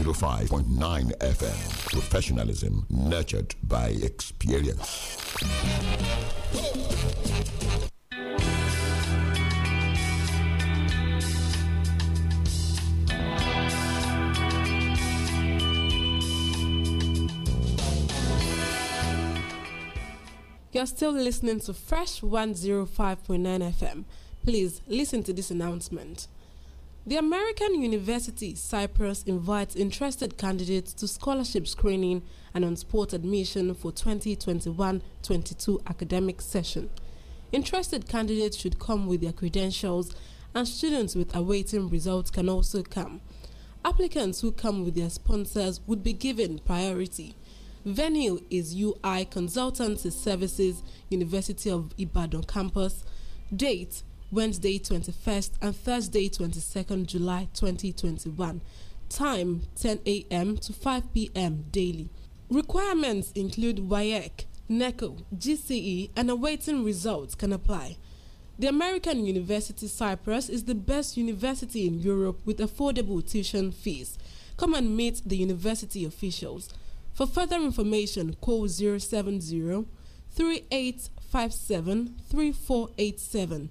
105.9 FM. Professionalism nurtured by experience. You're still listening to Fresh 105.9 FM. Please listen to this announcement. The American University Cyprus invites interested candidates to scholarship screening and on sport admission for 2021-22 academic session. Interested candidates should come with their credentials and students with awaiting results can also come. Applicants who come with their sponsors would be given priority. Venue is UI Consultancy Services, University of Ibadan campus. Date Wednesday 21st and Thursday 22nd July 2021. Time 10 a.m. to 5 p.m. daily. Requirements include WIEC, NECO, GCE, and awaiting results can apply. The American University Cyprus is the best university in Europe with affordable tuition fees. Come and meet the university officials. For further information, call 070 3857 3487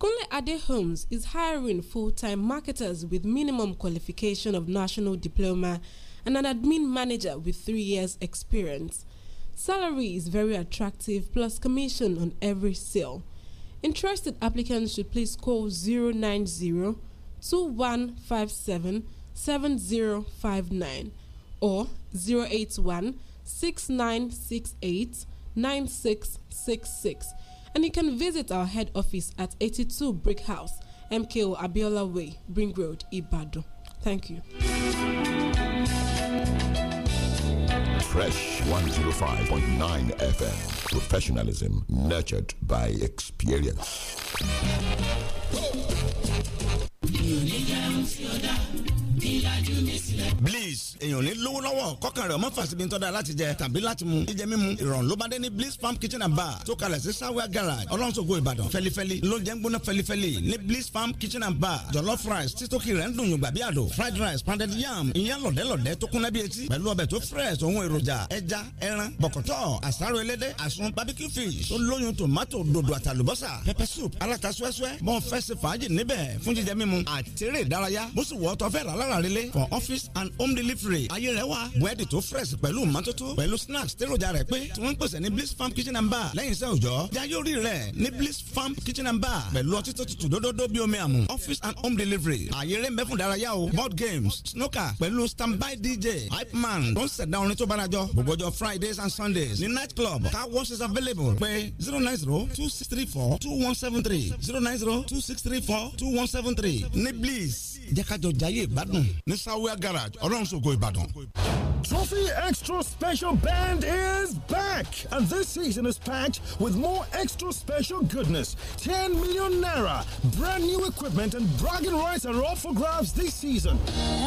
Kunle Ade Homes is hiring full-time marketers with minimum qualification of national diploma and an admin manager with three years experience. Salary is very attractive plus commission on every sale. Interested applicants should please call 090 2157 7059 or 081 6968 9666 and you can visit our head office at 82 Brick House, MKO Abiola Way, Bring Road, Ibadan. Thank you. Fresh 105.9 FM. Professionalism nurtured by experience. èèyàn ní lówó lọ́wọ́ kọ́kàn rẹ̀ ọmọ fàṣibí tọ́da láti jẹ tàbí láti mu jíjẹ mímu ìrọ̀rùn ló bá dé ní bliss farm kitchen and bar tó kalẹ̀ sí sawa garage ọlọ́nsogo ìbàdàn fẹlifẹli lóúnjẹ ń gbóná fẹlifẹli ní bliss farm kitchen and bar jollof rice títókì rẹ̀ ń dùn yùngbà bí àdó fried rice pounded yam ìyẹn lọ̀dẹ́lọ̀dẹ́ tó kúnná bí etí pẹ̀lú ọbẹ̀ tó fresh òun èròjà ẹja ẹran bọ̀kọ̀tọ̀ àsáró ẹlẹ́dẹ̀ àsun barbecue fish tó lóyún tomato dòdò àtàlùbọ́sà pepper soup aláta suẹ́suẹ́ mọ fẹ́ ṣe fàájì níbẹ̀ fún jíjẹ mímu àtẹ̀rẹ̀ ìdárayá bó sì wọ́ tọ́fẹ́ rà lára for office and home delivery delivery ayé rẹ wá búrẹ́dì tó fresh pẹ̀lú mọ́tótó pẹ̀lú snacks tẹ́rọ̀jà rẹ̀ pé tí wọ́n ń pèsè ní bliss farm kitchen and bar lẹ́yìn iṣẹ́ òòjọ́ jayórí rẹ̀ ní bliss farm kitchen and bar pẹ̀lú ọtí tó tutù dódódó bí omi àmù office and home delivery ayé rẹ̀ ń bẹ fún ìdárayá o board games snooker pẹ̀lú standby dj hype man tó ń ṣẹ̀dá orin tó bára jọ gbogbo ọjọ́ fridays and sundays ní night club car wash is available pé zero nine zero two six three four two one seven three zero nine zero two six three four two one seven three ní bliss jẹ́ jayé ìgbádùn ní samuel garage ọlọ́runṣogo ìbàdàn. Trophy Extra Special Band is back, and this season is packed with more extra special goodness. 10 million naira, brand new equipment, and bragging rights are all for grabs this season.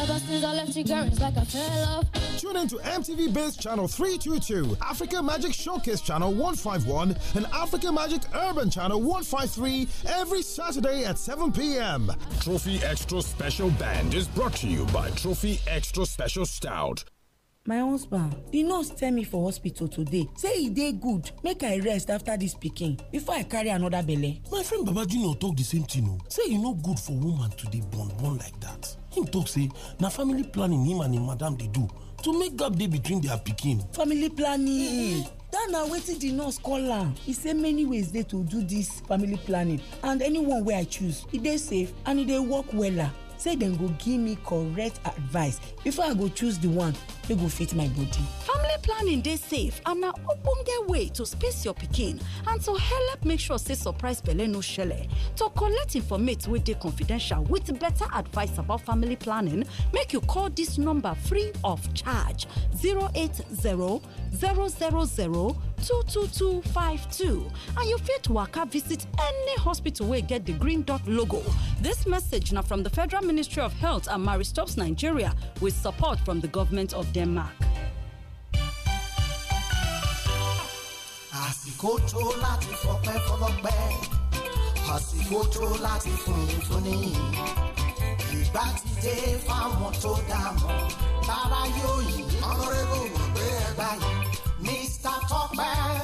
Ever since I left you, girl, it's like I fell off. Tune in to MTV Base Channel 322, Africa Magic Showcase Channel 151, and Africa Magic Urban Channel 153 every Saturday at 7 p.m. Trophy Extra Special. Special Band is brought to you by Trophy Extra Special Stout. my husband the nurse tell me for hospital today say he day good make i rest after this picking before i carry another belly. my friend baba junior talk the same thing o oh. say e no good for woman to dey born born like that him talk say na family planning him and his madam they do to make gap day between their picking. family planning. dat na wetin the nurse call am e say many ways dey to do this family planning and anyone wey i choose e dey safe and e dey work wella say dem go give me correct advice before i go choose the one wey go fit my body. family planning dey safe and na ogbonge way to space your pikin and to helep make sure say surprise belle no shele to collect informate wey dey confidential with better advice about family planning make you call this number free of charge zero zero eight zero zero 22252 and you fit waka visit any hospital wey get the green dot logo. This message na from the Federal Ministry of Health and Maristops Nigeria with support from the government of Denmark. àsìkò tó láti fọpẹ́ fọlọ́pẹ́ àsìkò tó láti fúnni fúnni ìgbà ti dé fáwọn tó dá mọ́ lára yóò yí ọ̀rẹ́ bò wọ́n gbé ẹgbàá yìí. off by.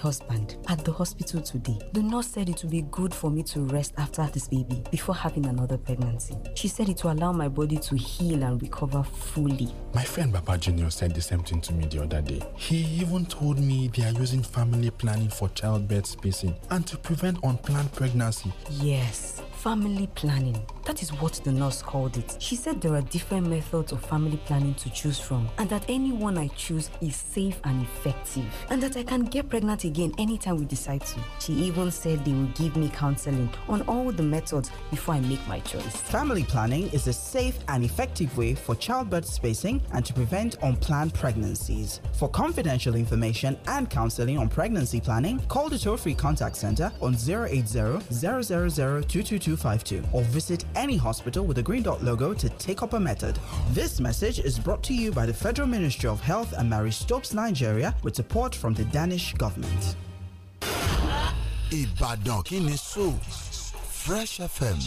husband at the hospital today. The nurse said it would be good for me to rest after this baby before having another pregnancy. She said it will allow my body to heal and recover fully. My friend Baba Junior said the same thing to me the other day. He even told me they are using family planning for childbirth spacing and to prevent unplanned pregnancy. Yes, family planning that is what the nurse called it. She said there are different methods of family planning to choose from, and that any one I choose is safe and effective, and that I can get pregnant again anytime we decide to. She even said they will give me counseling on all the methods before I make my choice. Family planning is a safe and effective way for childbirth spacing and to prevent unplanned pregnancies. For confidential information and counseling on pregnancy planning, call the toll free contact center on 080 or visit any hospital with a green dot logo to take up a method. This message is brought to you by the Federal Ministry of Health and Mary Stopes Nigeria with support from the Danish government. Fresh FM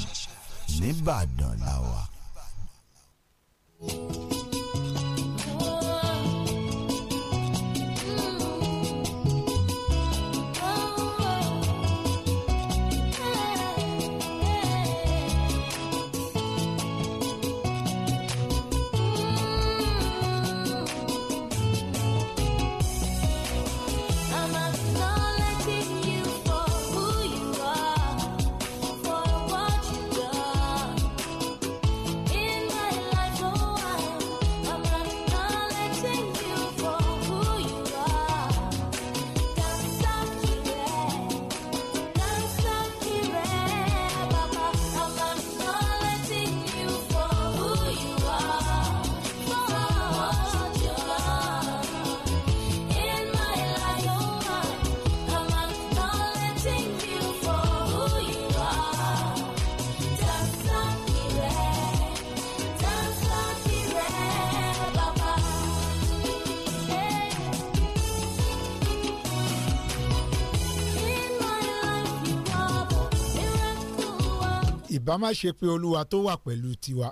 ìbá má ṣe pé olúwa tó wà pẹ̀lú tiwa.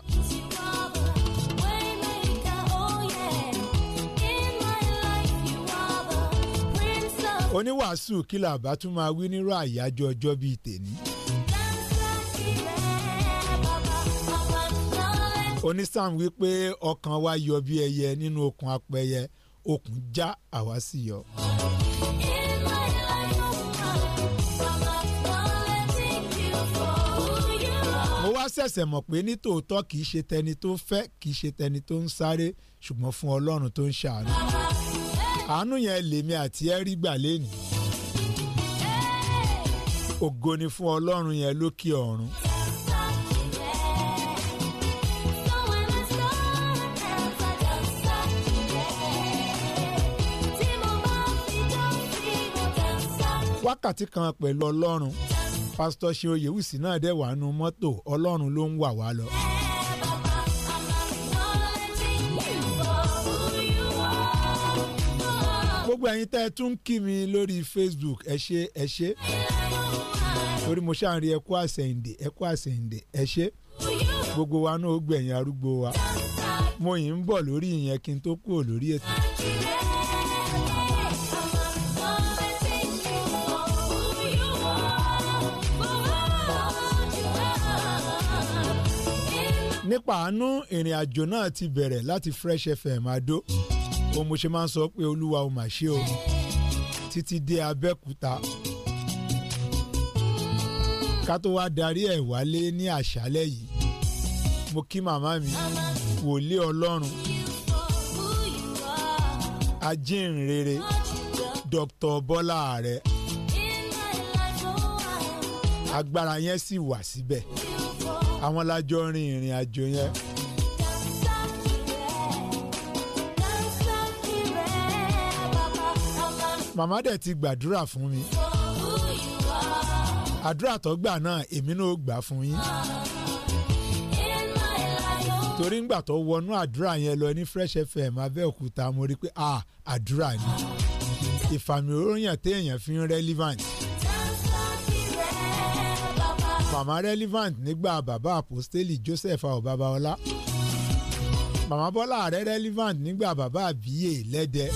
oníwàásù kìlà àbá tún máa wí nírú àyájọ́ ọjọ́ bíi tèmi. onísàm wípé ọkàn wa yọ bí ẹyẹ nínú okùn apẹyẹ okùn já àwa sì yọ. ṣẹ̀ṣẹ̀ mọ̀ pé ní tòótọ́ kì í ṣe tẹni tó fẹ́ kì í ṣe tẹni tó ń sáré ṣùgbọ́n fún ọlọ́run tó ń ṣàánú àánú yẹn lèmi àti ẹ rí gbà lẹ́nu ògo ni fún ọlọ́run yẹn lókè ọ̀run. wákàtí kan pẹ̀lú ọlọ́run pásítọ̀ ṣe oyèwùsì náà dẹ̀ wà nù mọ́tò ọlọ́run ló ń wà wá lọ. gbogbo ẹ̀yin tẹ́ ẹ tún mi lórí Facebook ẹ ṣé ẹ ṣé torí mo ṣáà àsẹ̀yìndè àsẹ̀yìndè gbogbo wa náà ó gbẹ̀yìn arúgbó wa mo yìí ń bọ̀ lórí ìyẹn kí n nípa àánú ìrìn àjò náà ti bẹ̀rẹ̀ láti Fresh FM Adó ohun mo ṣe máa ń sọ pé olúwa ò mà ṣe o títí dé Abẹ́òkúta ká tó wá darí ẹ̀ wálé ní àṣálẹ́ yìí mo kí màmá mi wòlé ọlọ́run ajínrere Dr. Bọ́lá Ààrẹ agbára yẹn sì wà síbẹ̀. Si àwọn lájọ rin ìrìn àjò yẹn. màmá dẹ̀ ti gbàdúrà fún mi àdúrà tó gbà náà èmi náà gbà fún yín torí ńgbà tó wọnú àdúrà yẹn lọ ní Fresh FM Abẹ́òkúta mo rí i pé àdúrà ni ìfàmì òórùn yẹn téèyàn fi ń relevant màmá relevant nígbà bàbá àpòstélì Joseph àwọn babaọlá màmá bọ́lá ààrẹ relevant nígbà bàbá àbíyè lẹ́dẹ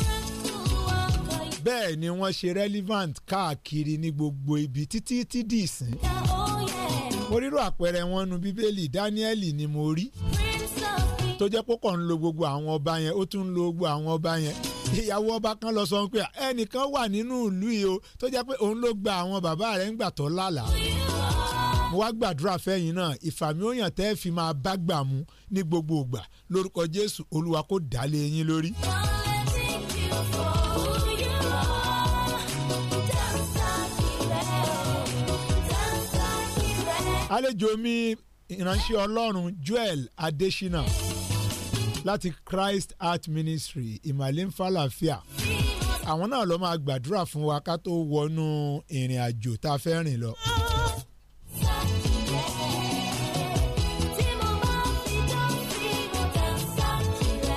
bẹ́ẹ̀ ni wọ́n ṣe relevant káàkiri ní gbogbo ibi títí tí dìísìn mo rírò àpẹẹrẹ wọn nu bíbélì Dáníẹ́lì ni mo rí tó jẹ́ pọ́kọ̀ ń lo gbogbo àwọn ọba yẹn ó tún ń lo gbogbo àwọn ọba yẹn ìyàwó ọba kan lọ sọ pé ẹnìkan wà nínú ìlú yìí o tó jẹ́ pé òun ló gba àwọn bàbá rẹ̀ ń gbà tó lálàá mo wá gbàdúrà fẹ́yìn náà ìfàmì òyàn tẹ́ fi máa bá gbà mú ní gbogbo ìgbà lórúkọ Jésù Olúwa kó dálé yín lórí. àlejò mi ìránṣẹ́ Ọlọ́run Joel Adesina láti Christ Art Ministry ìmàlẹ́ ń falàfíà àwọn náà ló máa gbàdúrà fún wa ká tó wọnú ìrìn àjò tá a fẹ́ rìn lọ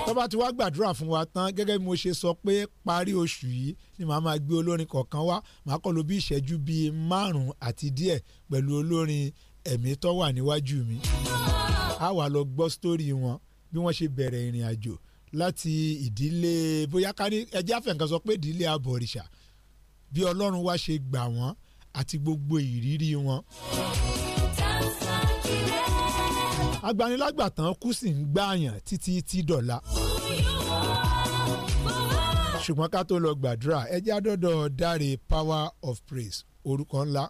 tó bá ti wá gbàdúrà fún wa tán gẹ́gẹ́ bí mo ṣe sọ pé parí oṣù yìí ni màá máa gbé olórin kọ̀ọ̀kan wá màá kọ́ lò bí ìṣẹ́jú bíi márùn-ún àti díẹ̀ pẹ̀lú olórin ẹ̀mí tó wà níwájú mi a wà lọ gbọ́ sítórì wọn bí wọ́n ṣe bẹ̀rẹ̀ ìrìn àjò láti ìdílé bóyá ká ní ẹjẹ́ àfẹ̀ǹkan sọ pé ìdílé abọ̀rìṣà bí ọlọ́run wá ṣe gbà wọ́n àti gbogbo ìrírí wọn. agbanilágbàtàn kù sì ń gbààyàn títí tí dọ̀la. ṣùgbọ́n ká tó lọ gbàdúrà ẹ jẹ́ àdọ́dọ̀ dáre power of praise orúkọ ńlá.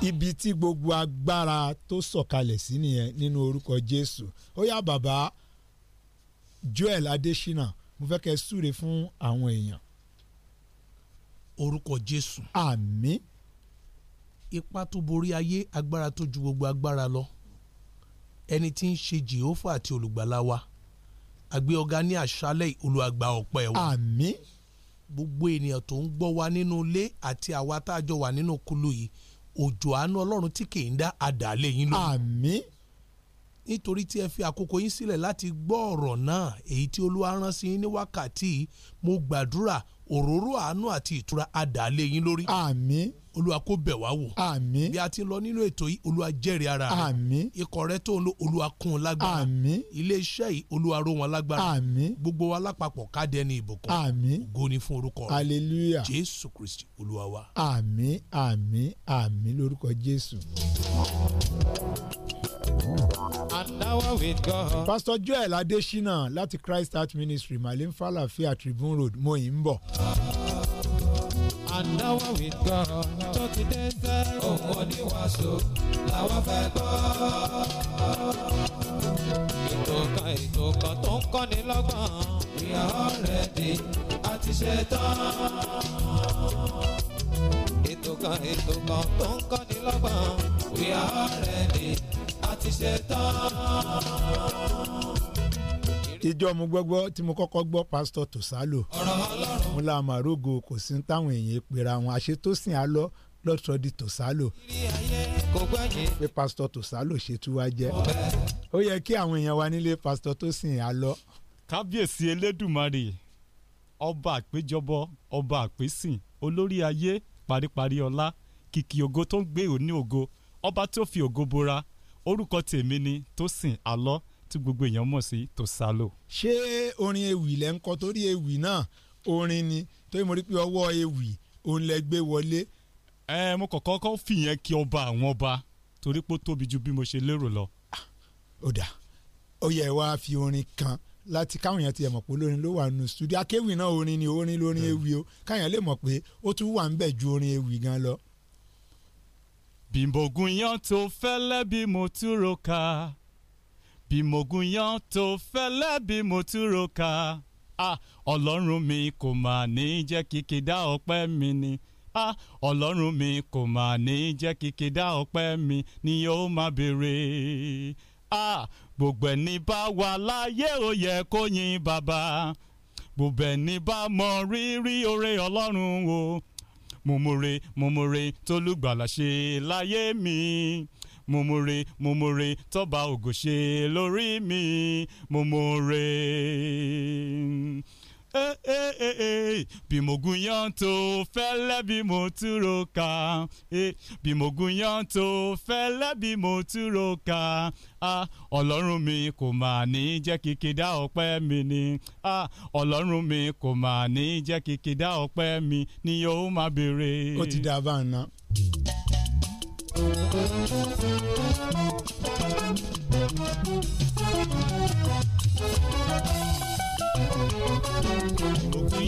ibi tí gbogbo agbára tó sọ̀kalẹ̀ sí nìyẹn nínú orúkọ Jésù ó yá bàbá Joel Adesina mo fẹ́ kẹ́ súre fún àwọn èèyàn. orúkọ Jésù. àmín. ipa tó borí ayé agbára tó ju gbogbo agbára lọ ẹni tí ń ṣe Jèhófà àti olùgbàlà wa àgbẹ̀ ọ̀gá ní àṣálẹ̀ olùwàgbà ọ̀pẹ wa. àmín. gbogbo ènìyàn tó ń gbọ́ wa nínú ilé àti àwa tá a jọ wà nínú kulu yìí òjò àánú ọlọ́run tí kì í dá àdàlẹ́ yín lọ. àmín. nítorí tí ẹ fi àkókò yín sílẹ̀ láti gbọ́ ọ̀rọ̀ náà èyí tí olúwa rán sí ní wákàtí mo gbàdúrà òróró àánú àti ìtura àdàlẹ́ yín lórí. àmín olúwa kó bẹ̀ wá wò. àmín. bí a ti lọ nínú ètò yìí olúwa jẹ́rìí ara rẹ̀. àmín. ikọ̀ rẹ tó ń lo olúwa kún un lágbára. àmín. iléeṣẹ́ yìí olúwa ró wọn lágbára. àmín. gbogbo wa lápapọ̀ ká dẹni ìbùkún. àmín. ògo fún orúkọ rẹ. hallelujah. jésù kristi olúwa wa. àmín àmín àmín lórúkọ jésù. Pastor Joel Adesina láti Christ Heart Ministry Malin Falafia Tribune Road Moyimbo. Oh àdáwà with God tó ti dé sẹ́. òun oníwàásù làwọn fẹ́ gbọ́. ètò kan ètò kan tó ń kọ́ni lọ́gbọ̀n. we are already a ti ṣe tán. ètò kan ètò kan tó ń kọ́ni lọ́gbọ̀n. we are already a ti ṣe tán ìjọ mo gbọ́gbọ́ tí mo kọ́kọ́ gbọ́ pásítọ̀ Tòsálò mo la màrógo kò sí ní táwọn èèyàn pera wọn àṣetòsìn alọ́ lọ́tọ́ di Tòsálò pé pásítọ̀ Tòsálò ṣètú wa jẹ́ ó yẹ kí àwọn èèyàn wa nílé pásítọ̀ tó sìn alọ́. kábíyèsí elédùmarè ọba àpéjọbọ ọba àpésìn olórí ayé paríparí ọlá kìkì ògo tó ń gbé òní ògo ọba tó fi ògo bora orúkọ tèmi ni Tósìn Alọ́ tí gbogbo èèyàn mọ̀ sí Tosalo. ṣé orin ewì lẹ́ ń kọ torí ewì náà orin ni torí mo rí pé ọwọ́ ewì òun lẹ gbé wọlé. ẹ mo kọ̀kọ́ kọ́ fìyẹn kí ọba àwọn ọba torí pé ó tóbi ju bí mo ṣe lérò lọ. Ah, ó dà ó yẹ wá fi orin kan láti káwọn èèyàn ti mọ̀ pé olórin ló wà nù stúdíò akéwì náà orin ni orin lórin ewì o káwọn èèyàn lè mọ̀ pé ó tún wà ń bẹ̀ ju orin ewì gan lọ. bímbògùn yan tó fẹ́lẹ́ bí mo túrò ká bí mo gún yán tó fẹ́lẹ́ bí mo túró ka ọlọ́run mi kò mà ní jẹ́ kíkì dá ọpẹ́ mi ni ọlọ́run mi kò mà ní jẹ́ kíkì dá ọpẹ́ mi ni yóò máa béèrè gbogbo ẹni bá wà láyé ó yẹ kó yin bàbá gbogbo ẹni bá mọ rírì oore ọlọ́run o mòmòrè mòmòrè tólùgbàlà ṣe láyé mi. mumure mumure tọba more tọ́ba ògo ṣe lórí mi mo more bí mo gún yán tó fẹ́lẹ́ bí mo túró ká bí mo gún yán tó fẹ́lẹ́ bí mo túró ká ọlọ́run mi kò mà ní jẹ́ kìkì dá ọpẹ́ mi ni ọlọ́run mi kò mà ní jẹ́ kìkì dá ọpẹ́ mi ni yóò máa béèrè. ó ti dá a bá ń ná.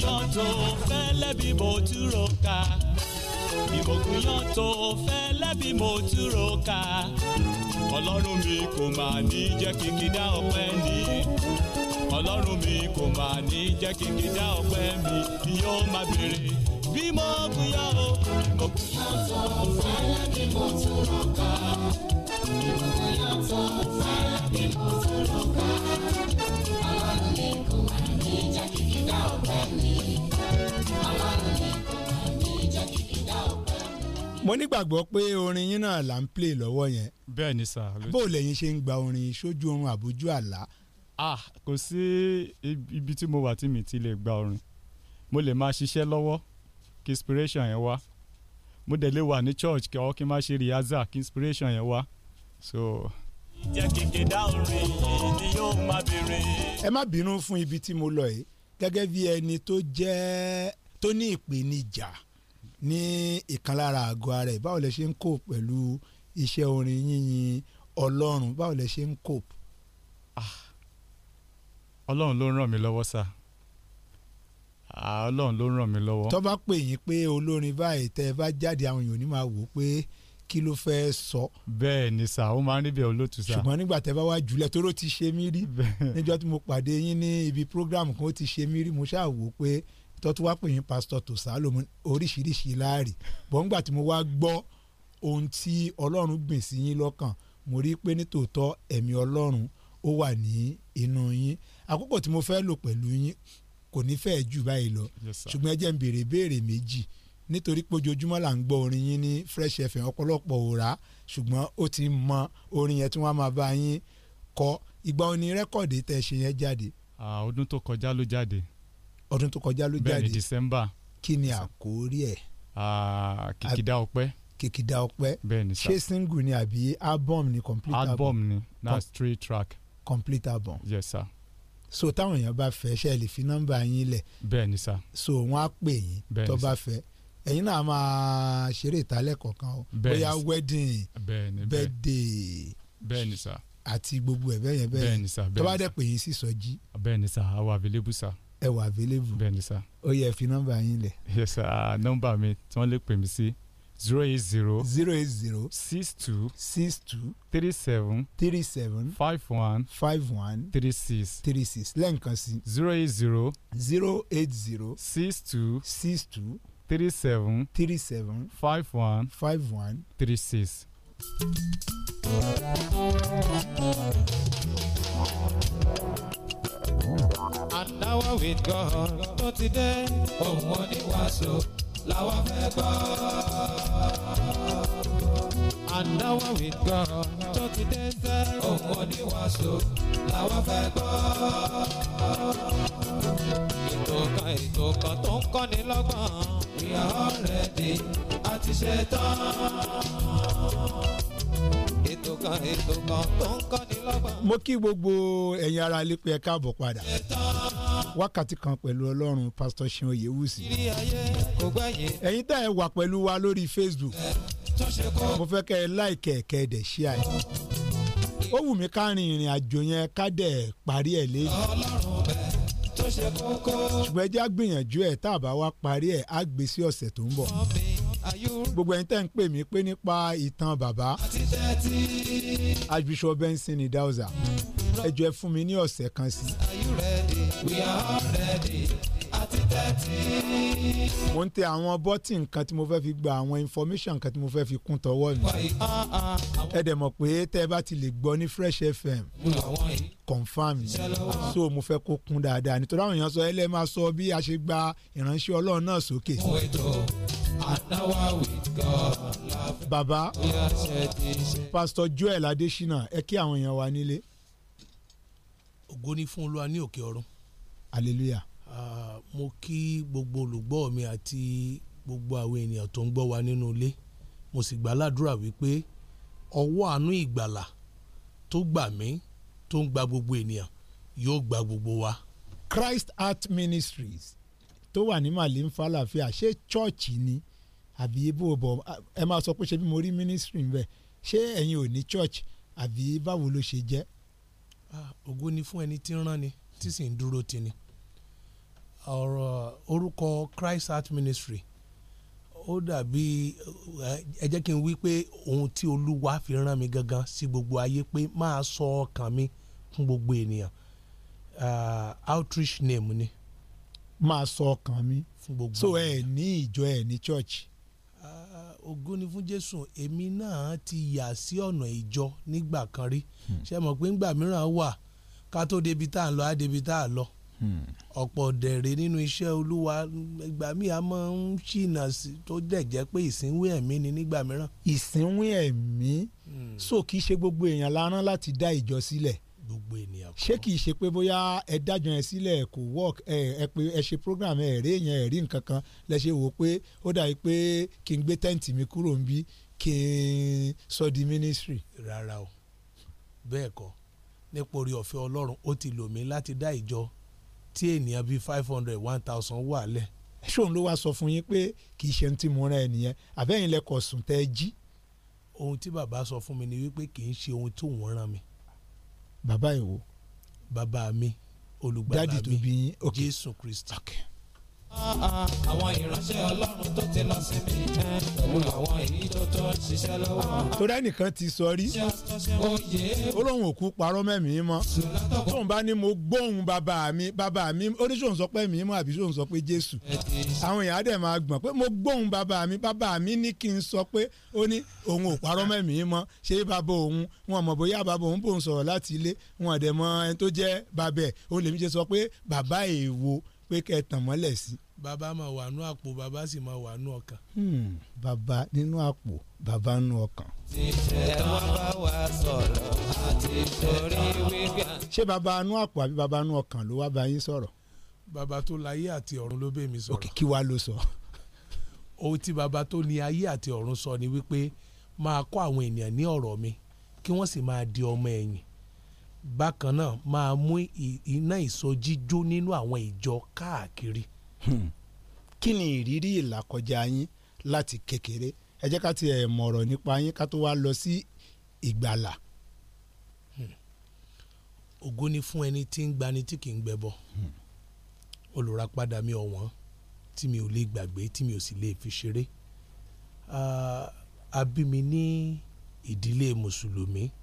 yàn tó fẹ́lẹ́ bí mo túró ká ìbòkun yàn tó fẹ́lẹ́ bí mo túró ká ọlọ́run mi kò máa ní jẹ́ kíkí dá ọpẹ́ ni ọlọ́run mi kò máa ní jẹ́ kíkí dá ọpẹ́ mi ni yóò máa béèrè bí mo kú yọ o. ìbòkun yàn tó fẹ́lẹ́ mo túró ká ìbòkun yàn tó fẹ́lẹ́ mo túró ká. mo nígbàgbọ́ pé orin yín náà là ń play lọ́wọ́ yẹn. bẹ́ẹ̀ ni sà. bó lẹ́yìn ṣe ń gba orin sójú oorun àbójú àlá. ah kò sí ibi tí mo wà tí mi ti lè gba orin mo lè máa ṣiṣẹ́ lọ́wọ́ kí inspiration yẹn wá mo dẹ̀ lè wà ní church kí ọ kí n má ṣe rehearsal kí inspiration yẹn wá so. ìjẹ́ kékeré dáhùn rè ni yóò máa béèrè. ẹ má bínú fún ibi tí mo lọ yìí gẹ́gẹ́ bí ẹni tó jẹ́ tó ní ìpèníjà ní ìkan lára àgọ́ ara ẹ̀ báwo lẹ ṣe ń kó pẹ̀lú iṣẹ́ orin yíyin ọlọ́run báwo lẹ ṣe ń kó. Ah, ọlọ́run ló ń ràn mí lọ́wọ́ sá ah, ọlọ́run ló ń ràn mí lọ́wọ́. tó bá pè yín pé olórin báyìí tẹ́ ẹ bá jáde àwọn èèyàn ò ní máa wò ó pé kí ló fẹ́ sọ. bẹ́ẹ̀ ni sà ó máa ń rí bẹ́ẹ̀ olóòtú ṣùgbọ́n nígbà tẹ́ bá wá jùlẹ̀ tóró ti ṣe mí rí níjọ́ tí mo pàdé yín ní ibi program kan ó ti ṣe mí rí mo ṣáà wò ó pé tọ́tù wá pè yín pásítọ̀ tó sálòmù oríṣiríṣi láàrì bọ́ngbà tí mo wá gbọ́ ohun tí ọlọ́run gbìn sí yín lọ́kàn mo rí i pé nítòótọ́ ẹ̀mí ọlọ́run ó wà ní inú yín àkókò tí mo fẹ́ lò pẹ̀lú yín kò ní fẹ́ jù báyìí lọ ṣùgbọ́n ẹ jẹ́ n béèrè béèrè méjì nítorí pé ojoojúmọ́ là ń gbọ́ orin yín ní Fresh FM ọ̀pọ̀lọpọ̀ òòrá ṣùgbọ́n ó ti mọ orin yẹn tí wọ́n máa bá yín kọ ìgbà oní rẹ́kọ̀dì tẹ̀ ṣe yẹn jáde. ọdún tó kọjá ló jáde ọdún tó kọjá ló jáde bẹ́ẹ̀ni December kí ni àkórí ẹ̀. kìkìdá ọpẹ́. kìkìdá ọpẹ́ bẹ́ẹ̀ni sá ṣé single ni àbí album ni complete album. album ni na three track. complete album. yes sir. so táwọn èèyàn bá fẹ́ ṣe lè fi nọ́mbà yín lẹ̀. bẹ́ẹ̀ni sá. so wọ́n á pè yín tó bá fẹ́ ẹ̀yin náà máa ṣeré ìtàlẹ̀ kọ̀ọ̀kan o bóyá wedding birthday bẹ́ẹ̀ni sá àti gbogbo ẹ̀ bẹ́ẹ̀ yẹn bẹ́ẹ̀ yẹn tó bá dẹ̀ pè yín sí sọ́jí. bẹ́ẹ̀ni sá àwọn available sá ẹ wà available. bẹ́ẹ̀ni sá. ó yẹ fi nọ́mbà yín lẹ̀. yes sir ah, nọ́mbà mi tí wọ́n lè pè mí sí zero eight zero. zero eight zero. six two. six two. three seven. three seven. five one. five one. three six. three six lẹ́ǹkan sí. zero eight zero. zero eight zero. six two. six two. three seven. three seven. five one. five one. three six and our with God tó ti dé. Òun oníwàásù làwa fẹ́ gbọ́. And our with God tó ti dé sẹ́. Òun oníwàásù làwa fẹ́ gbọ́. Ètò kan ètò kan tó ń kọ́ni lọ́gbọ̀n. We are already ready, a ti ṣe tán kan ètò kan tó ń kọ́ni lọ́gbọ̀n. mo kí gbogbo ẹ̀yin ará ilé pé ẹ káàbọ̀ padà wákàtí kan pẹ̀lú ọlọ́run pásítọ̀ ṣeun oyèwùsì ẹ̀yin tá ẹ wà pẹ̀lú wa lórí facebook mo fẹ́ kẹ́ ẹ láìkẹ́ kẹ́ ẹ dẹ̀ ṣí àyè ó wù mí ká rin ìrìn àjò yẹn ká dẹ̀ parí ẹ̀ lẹ́yìn ṣùgbọ́n ẹ já gbìyànjú ẹ̀ tá a bá wá parí ẹ̀ á gbé sí ọ̀sẹ̀ tó ń bọ̀ gbogbo ẹni tẹ́ ń pè mí pé nípa ìtàn bàbá Archbishop Benson ní Dauza ẹ ẹ fún mi ní ọ̀sẹ̀ kan sí. mo ń tẹ àwọn bọ́tì nǹkan tí mo fẹ́ fi gba àwọn information nǹkan tí mo fẹ́ fi kún tọwọ́ mi. ẹ dẹ̀ mọ̀ pé tẹ́ ẹ bá ti lè gbọ́ ní Fresh FM confam ni so mo fẹ́ kó kún dáadáa nítorí àwọn èèyàn sọ ẹ lẹ́ẹ̀ máa sọ bí a ṣe gba ìránṣẹ́ Ọlọ́run náà sókè. Baba, Pastor joel adesina ẹ kí àwọn èèyàn wa nílé. ògo ni fún olúwa ní òkè ọ̀run. hallelujah. Uh, mo kí gbogbo olùgbọ́ mi àti gbogbo àwọn ènìyàn tó ń gbọ́ wa nínú ilé mo sì gbàládùra wípé ọwọ́ àánú ìgbàlà tó gbà mí tó ń gba gbogbo ènìyàn yóò gba gbogbo wa. Christ Art Ministries tó wà ní màlẹ́ ń falàfíà ṣé chọ́ọ̀chì ni àbí bó o bọ̀ ẹ máa sọ pé ṣe bí mo rí ministry nbẹ ṣé ẹ̀yin ò ní church àbí báwo ló ṣe jẹ́. ògo ni fún ẹni tí ń rán ni tí sì ń dúró ti ni ọ̀rọ̀ orúkọ Christ Heart Ministry ó dàbí ẹ jẹ́ kí n wí pé ohun tí Olúwa fi rán mi gangan sí gbogbo ayé pé máa sọ ọkàn mi fún gbogbo ènìyàn outreach name ni. máa sọ ọkàn mi so ẹ ní ìjọ ẹ ní church ògo ni fún Jésù èmi náà ti yà sí ọ̀nà ìjọ nígbà kan rí hmm. ṣe mọ̀ pé ńgbà mìíràn wà ká tó débi tá à ń lọ á débi tá à lọ hmm. ọ̀pọ̀ dẹ̀rẹ̀ nínú iṣẹ́ olúwa ìgbà míì a máa ń ṣìnà tó dẹ̀ jẹ́ pé ìsínwé ẹ̀mí ni nígbà mìíràn. ìsínwé ẹ̀mí hmm. so kì í ṣe gbogbo èèyàn la rán láti dá ìjọ sílẹ̀ gbogbo ènìyàn kọ́. ṣé kìí ṣe pé bóyá ẹ dájọ́ yẹn sílẹ̀ kò work ẹ ẹ pé ẹ ṣe program ẹ rí èèyàn ẹ rí nǹkan kan lẹ ṣe wò pé ó dàbí pé kí n gbé tẹ́ǹtì mi kúrò ń bí kí n sọ di ministry. rárá o bẹ́ẹ̀ kọ́ nípa orí ọ̀fẹ́ ọlọ́run ó ti lò mí láti dá ìjọ tí ènìyàn bíi five hundred one thousand wà lẹ̀. ṣóun ló wá sọ fún yín pé kì í ṣe ohun tí mo nìyẹn àbẹ́yìn lẹ́kọ̀ọ́ sùn tẹ́ ohun tí bàbá sọ fún mi ni wípé kì í ṣe ohun tó wọ́n rán mi bàbá ìwò bàbá mi olùgbàlà mi jésù kristi àwọn ìránṣẹ́ ọlọ́run tó ti lọ sí mi pẹ̀lú àwọn ìjọ tó ń ṣiṣẹ́ lọ́wọ́. torí ẹnìkan ti sọ rí ó lóun ò kú parọ́ mẹ́mìí mọ́ tóun bá ní mo gbóhùn bàbá mi bàbá mi oníṣòwò sọ pé mìí mọ́ àbí ṣòwò sọ pé jésù àwọn èèyàn á dẹ̀ máa gbọ̀n pé mo gbóhùn bàbá mi bàbá mi ní kí n sọ pé ó ní òun ò parọ́ mẹ́mìí mọ́ ṣé bàbá òun wọn mọ̀ bóyá bàbá òun bòun sọ̀rọ̀ láti ilé wọn pé kẹ́ tàn mọ́lẹ̀ sí. bàbá máa wà nú àpò bàbá sì máa wà nú ọkàn. Hmm, bàbá nínú àpò bàbá nú ọkàn. tìṣẹ́ wọn bá wa sọ̀rọ̀ àti torí wíwá. ṣé bàbá nú àpò àbí bàbá nú ọkàn ló wá bá yín sọ̀rọ̀. bàbá tó láyé àti ọ̀run ló bẹ̀ mí sọ̀rọ̀. òkè kí wàá ló sọ. ohun tí bàbá tó ní ayé àti ọ̀run sọ ni wípé máa kọ́ àwọn ènìyàn ní ọ̀rọ̀ mi kí wọ́n sì máa di ọmọ ẹ̀yìn bákan náà máa mú iná ìsọjí jó nínú àwọn ìjọ káàkiri. Hmm. kí ni ìrírí ìlàkọjá yín láti kékeré ẹ jẹ́ ká tiẹ̀ mọ̀rọ̀ nípa yín ká tó wá lọ sí ìgbàlà. Hmm. ògo ni fún ẹni tí ń gbani tí kì í gbẹbọ hmm. olùràpadà mi ọ̀wọ́n tí mi ò lè gbàgbé tí mi ò sì lè fi ṣeré ah, a bí mi ní ìdílé mùsùlùmí. Uh,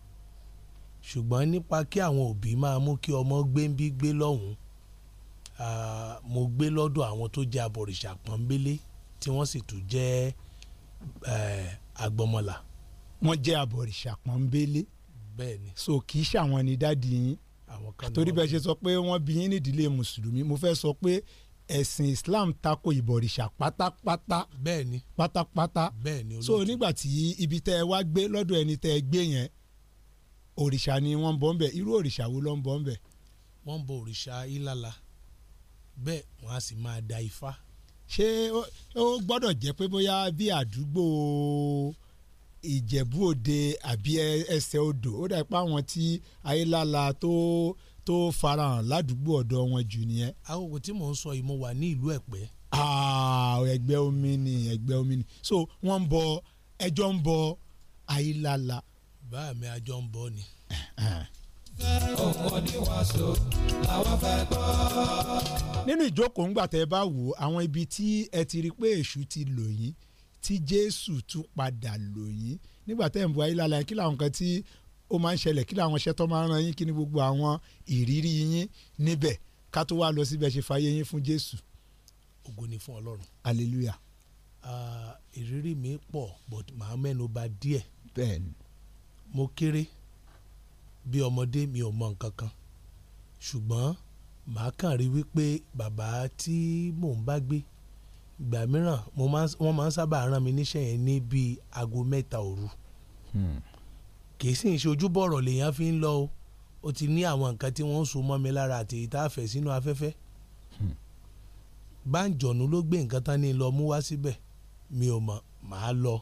ṣùgbọ́n nípa kí àwọn òbí máa mú kí ọmọ gbé ń bí gbé lọ́hùn-ún mo gbé lọ́dọ̀ àwọn tó jẹ́ abọ̀rìṣà pọ́nbélé tí wọ́n sì tún jẹ́ agbọ́mọlà. wọ́n jẹ́ abọ̀rìṣà pọ́nbélé. bẹ́ẹ̀ni. so kì í ṣàwọn ni dáàdi yín. àwọn kan ní wọn. torí bẹ́ẹ̀ ṣe sọ pé wọ́n bí yín nídìílé mùsùlùmí mo fẹ́ sọ pé ẹ̀sìn Islam tako ìbọ̀rìṣà pátápátá. bẹ́ẹ̀ni. pátápátá. bẹ́ẹ̀ni olóòtú. so nígbà tí ibi tẹ́ ẹ wá gbé lọ́dọ̀ ẹni tẹ́ ẹ gbé yẹn òrìṣà ni wọ́n ń bọ ń bẹ̀ irú òrìṣà wo ló ń bọ ń bẹ̀. wọ́n ń bọ òrìṣà ìlàlà bẹ́ẹ̀ wọ́n á sì máa da ifá. ṣé ó gbọ́dọ̀ jẹ́ pé bóyá bí àdúgbò ìjẹ̀bú òde àbí ẹsẹ̀ odò ó dà pé àwọn tí ayélálà tó tó farahàn ládùúgbò ọ̀dọ̀ wọn jù nìyẹn. àwòkù tí mò ń sọ yìí mo wà ní ìlú ẹ̀pẹ́. ẹgbẹ́ omi ni ẹgbẹ́ omi ni so wọ́n ń bọ ẹjọ́ ń bọ ayélálà bá mi àjọ ń bọ̀ ni. nínú ìjókòó ńgbà tẹ́ ẹ bá wò àwọn ibi tí ẹ ti rí pé èṣù ti lò yín tí jésù tún padà lò yín nígbà tẹ́ ẹ ń bu ayé lálẹ́ kí làwọn kan tí ó máa ń ṣẹlẹ̀ kí làwọn iṣẹ́ máa ń ran yín kí ni gbogbo àwọn ìrírí yín níbẹ̀ ká tó wá lọ síbẹ̀ ṣe fàyè yín fún jésù. ògo ni fún ọlọ́run. hallelujah. Ah, ìrírí mi pọ̀ but màá mẹ́nu bà díẹ̀. bẹ́ẹ̀ni mo kéré bí ọmọdé mi ò mọ nǹkan kan ṣùgbọ́n màá kàn rí wípé bàbá tí mò ń bá gbé ìgbà mìíràn wọ́n máa ń sábà rán mi níṣẹ́ yẹn ní bíi aago mẹ́ta òru hmm. kì í sì ń ṣojú bọ̀rọ̀ lèèyàn fi ń lọ o ó ti ní àwọn nǹkan tí wọ́n ń so mọ́ mi lára àti ìta àfẹ́ sínú afẹ́fẹ́ hmm. báńjọ̀nù ló gbé nǹkan tán ní lọ mú wá síbẹ̀ mi ò mọ̀ màá lọ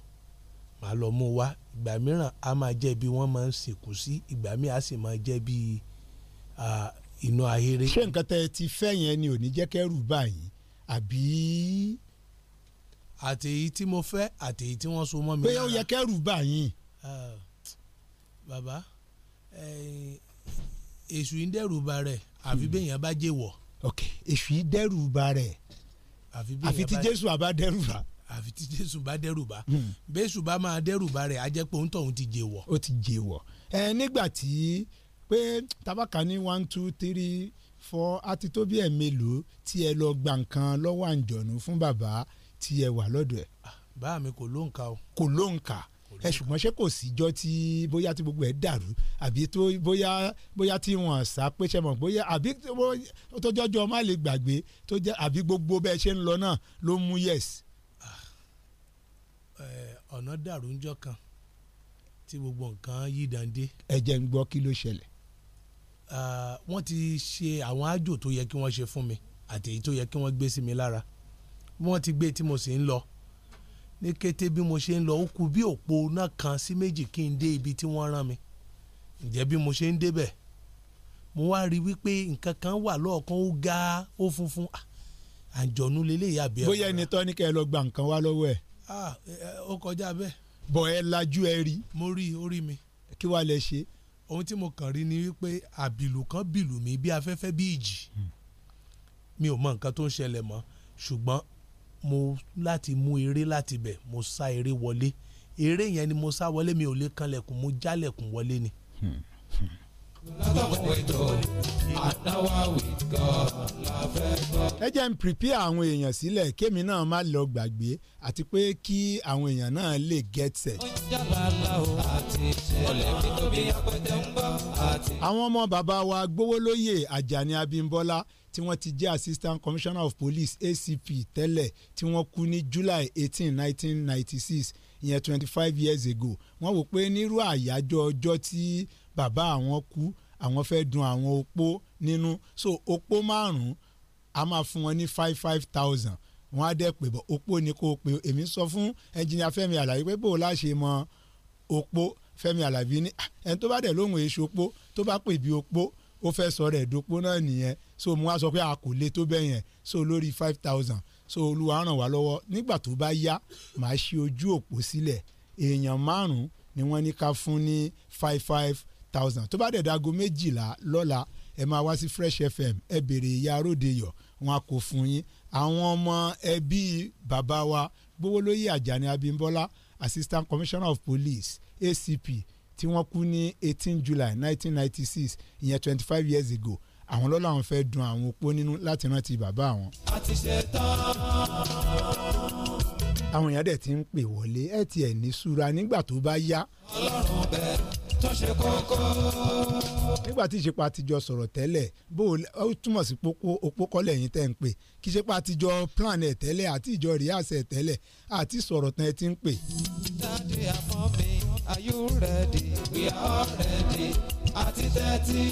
màá lọ mú wá ìgbà mìíràn a máa jẹ́ bí wọ́n máa ń sìnkú sí ìgbà míì a sì máa jẹ́ bí inú ahéré. ṣé nǹkan tẹ ti fẹ́ yẹn ni ò ní jẹ́ kẹ́rù báyìí àbí. àtèyí tí mo fẹ́ àtèyí tí wọ́n so mọ́ mi. pé ó yẹ kẹ́rù báyìí. bàbá èṣù yìí dẹ́rù ba rẹ̀ àfi hmm. bẹ́ẹ̀ yẹn bá jẹ́ wọ̀. ok èṣù yìí dẹ́rù ba rẹ̀ àfi tí jésù àbá dẹ́rù bá àfi tí jésù bá dẹ́rùbà bẹ́sù hmm. bá máa dẹ́rùbà rẹ̀ á jẹ́ pé òun tọ̀hún ti jẹ́wọ̀. ó ti jẹ́wọ̀ ẹ nígbà tí pé tabaka ní one two three four àti tó bí ẹ̀ mélòó tí ẹ lọ gba nǹkan lọ́wọ́ àǹjọ̀nù fún bàbá tí ẹ wà lọ́dọ̀ ẹ̀. Ah, bá mi kò ló ń ka o. kò ló ń ka ẹ ṣùgbọ́n ṣé kò síjọ́ tí bóyá tí gbogbo ẹ̀ dàrú àbí tó bóyá bóyá tí wọ́n sá pé ṣe mọ̀ bóyá àbí tó jọjọ́ má lè gbàgbé tó jẹ́ àbí gbogbo bẹ́ẹ̀ ṣe ń lọ náà ló mú yẹ̀sì Eh, ọ̀nà dàrú ńjọ́ kan tí gbogbo nǹkan yí dande. ẹ jẹ́ n gbọ́ kí ló ṣẹlẹ̀. wọ́n ti ṣe àwọn àjò tó yẹ kí wọ́n ṣe fún mi àti èyí tó yẹ kí wọ́n gbé sí mi lára bí wọ́n ti gbé tí mo sì ń lọ ní kété bí mo ṣe ń lọ ó kù bí òpó náà kan sí méjì kí n dé ibi tí wọ́n rán mi ǹjẹ́ bí mo ṣe ń débẹ̀ mo wá rí wípé nǹkan kan wà lọ́ọ̀kan ó ga ó funfun àjọ̀nú lélẹ́yìí àbí ẹ̀kọ́. bóyá ẹni tọ́ ni kẹ́ ẹ lọ gba nǹkan wá lọ́wọ́ ẹ̀ ó kọjá bẹ́ẹ̀. bọ̀ ẹ lajú ẹ rí. mo rí orí mi. kí wàá lẹ ṣe. ohun tí mo kàn rí ni wípé àbìlù kan bìlù mi bí afẹ́fẹ́ bí ìjì hmm. mi ò mọ nǹkan tó ń ṣẹlẹ̀ mọ́ ṣùgbọ́n mo láti mú eré láti bẹ̀ mo sá eré wọlé eré yẹn ni mo sá wọlé mi ò lè kanlẹ̀kùn mo jálẹ̀kùn wọlé ni. Hmm. Hmm látọ̀kọ̀ ẹ jẹ́ n prepare àwọn èèyàn sílẹ̀ kémi náà má lọ gbàgbé àti pé kí àwọn èèyàn náà lè get set. ó jàlá láwo àti ṣẹlẹ̀ mi tóbi àwọn ọmọ bàbá wa gbówólóyè Àjàní Abímbọ́lá tí wọ́n ti jẹ́ assistant commissioner of police ACP tẹ́lẹ̀ tí wọ́n kú ní July eighteen nineteen ninety six ìyẹn twenty five years ago wọ́n wò pé nírú àyájọ́ ọjọ́ tí bàbá àwọn kú àwọn fẹ́ dun àwọn opó nínú so opó márùn-ún a máa fún wọn ní five five thousand wọ́n á dẹ̀ pè bọ̀ opó ni kò pè èmi sọ fún ẹnjìnìà Fẹ́mi Àlàbí pé bò láṣẹ mọ opó Fẹ́mi Àlàbí ní ah, ẹni tó bá dẹ̀ lóhùn èso opó tó bá pè bí opó ó fẹ́ sọ rẹ̀ dopó náà nìyẹn so mo wá sọ pé a kò le tó bẹ́ẹ̀ yẹn so lórí five thousand so olúwa ràn wá lọ́wọ́ nígbà tó bá yá màá ṣe ojú òpó sílẹ̀ èèyàn márùn-ún ni wọ́n ní ká fún ní five five thousand tó bá dẹ̀ dago méjìlá lọ́la ẹ máa wá sí fresh fm ẹ béèrè ìyá aródeyọ̀ wọn a kò fún yín àwọn ọmọ ẹbí bàbá wa gbówólóyè àjàní abímbọ́lá assistant commissioner of police acp tí wọ́n kú ní eighteen july nineteen ninety six ìyẹn twenty five years ago àwọn lọ́la àwọn fẹ́ dun àwọn opó nínú láti rántí bàbá àwọn. a ti ṣe tán. àwọn èèyàn dẹ̀ ti ń pè wọlé ẹ̀ tiẹ̀ ní súra nígbà tó bá yá. ọlọ́run bẹ́ẹ̀ tó ṣe kókó. nígbà tí ìṣèpá àtijọ́ sọ̀rọ̀ tẹ́lẹ̀ bó o túmọ̀ sí opó kọ́lẹ̀ yín tẹ́ ń pè kí ìṣèpá àtijọ́ plan ẹ̀ tẹ́lẹ̀ àti ìjọ ríàsẹ̀ tẹ́lẹ̀ àti sọ̀rọ̀ tán ẹ ti ń pè. dáadé àmọ́ mi are you ready we are ready àti tẹ́tí.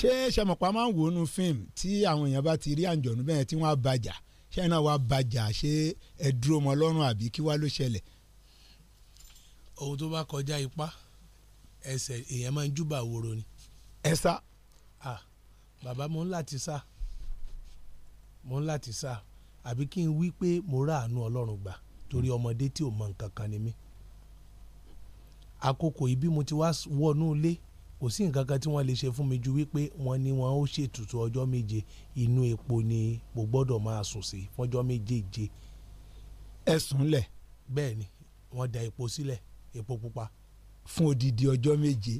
ṣé ṣàmọ̀pá máa ń wò ó fíìmù tí àwọn èèyàn bá ti rí àǹjọ̀nú bẹ́ẹ̀ tí wọ́n á bàjà ṣé iná wa bàjà ṣé ẹ dúró mọ́ lọ́rùn àbí kí wá ló ṣẹlẹ̀. ohun tó bá kọjá ipá ẹsẹ̀ èèyàn máa ń júbà woro ni. ẹ sá. ah bàbá mo ń láti sá mo ń láti sá àbí kí n wí pé mo ráàánú ọlọ́run gbà torí ọmọdé tí ò mọ nǹkan kan ni mí àkókò yìí bí mo ti wá wọnú ilé kò sí nǹkan kan tí wọ́n lè ṣe fún mi ju wípé wọ́n ní wọ́n ó ṣètùtù ọjọ́ méje inú epo ni mo gbọ́dọ̀ máa sùn sí fọ́jọ́ méjèèje. ẹ sùn lẹ̀. bẹ́ẹ̀ ni da epo sílẹ̀ epo pupa fún odidi ọjọ́ méje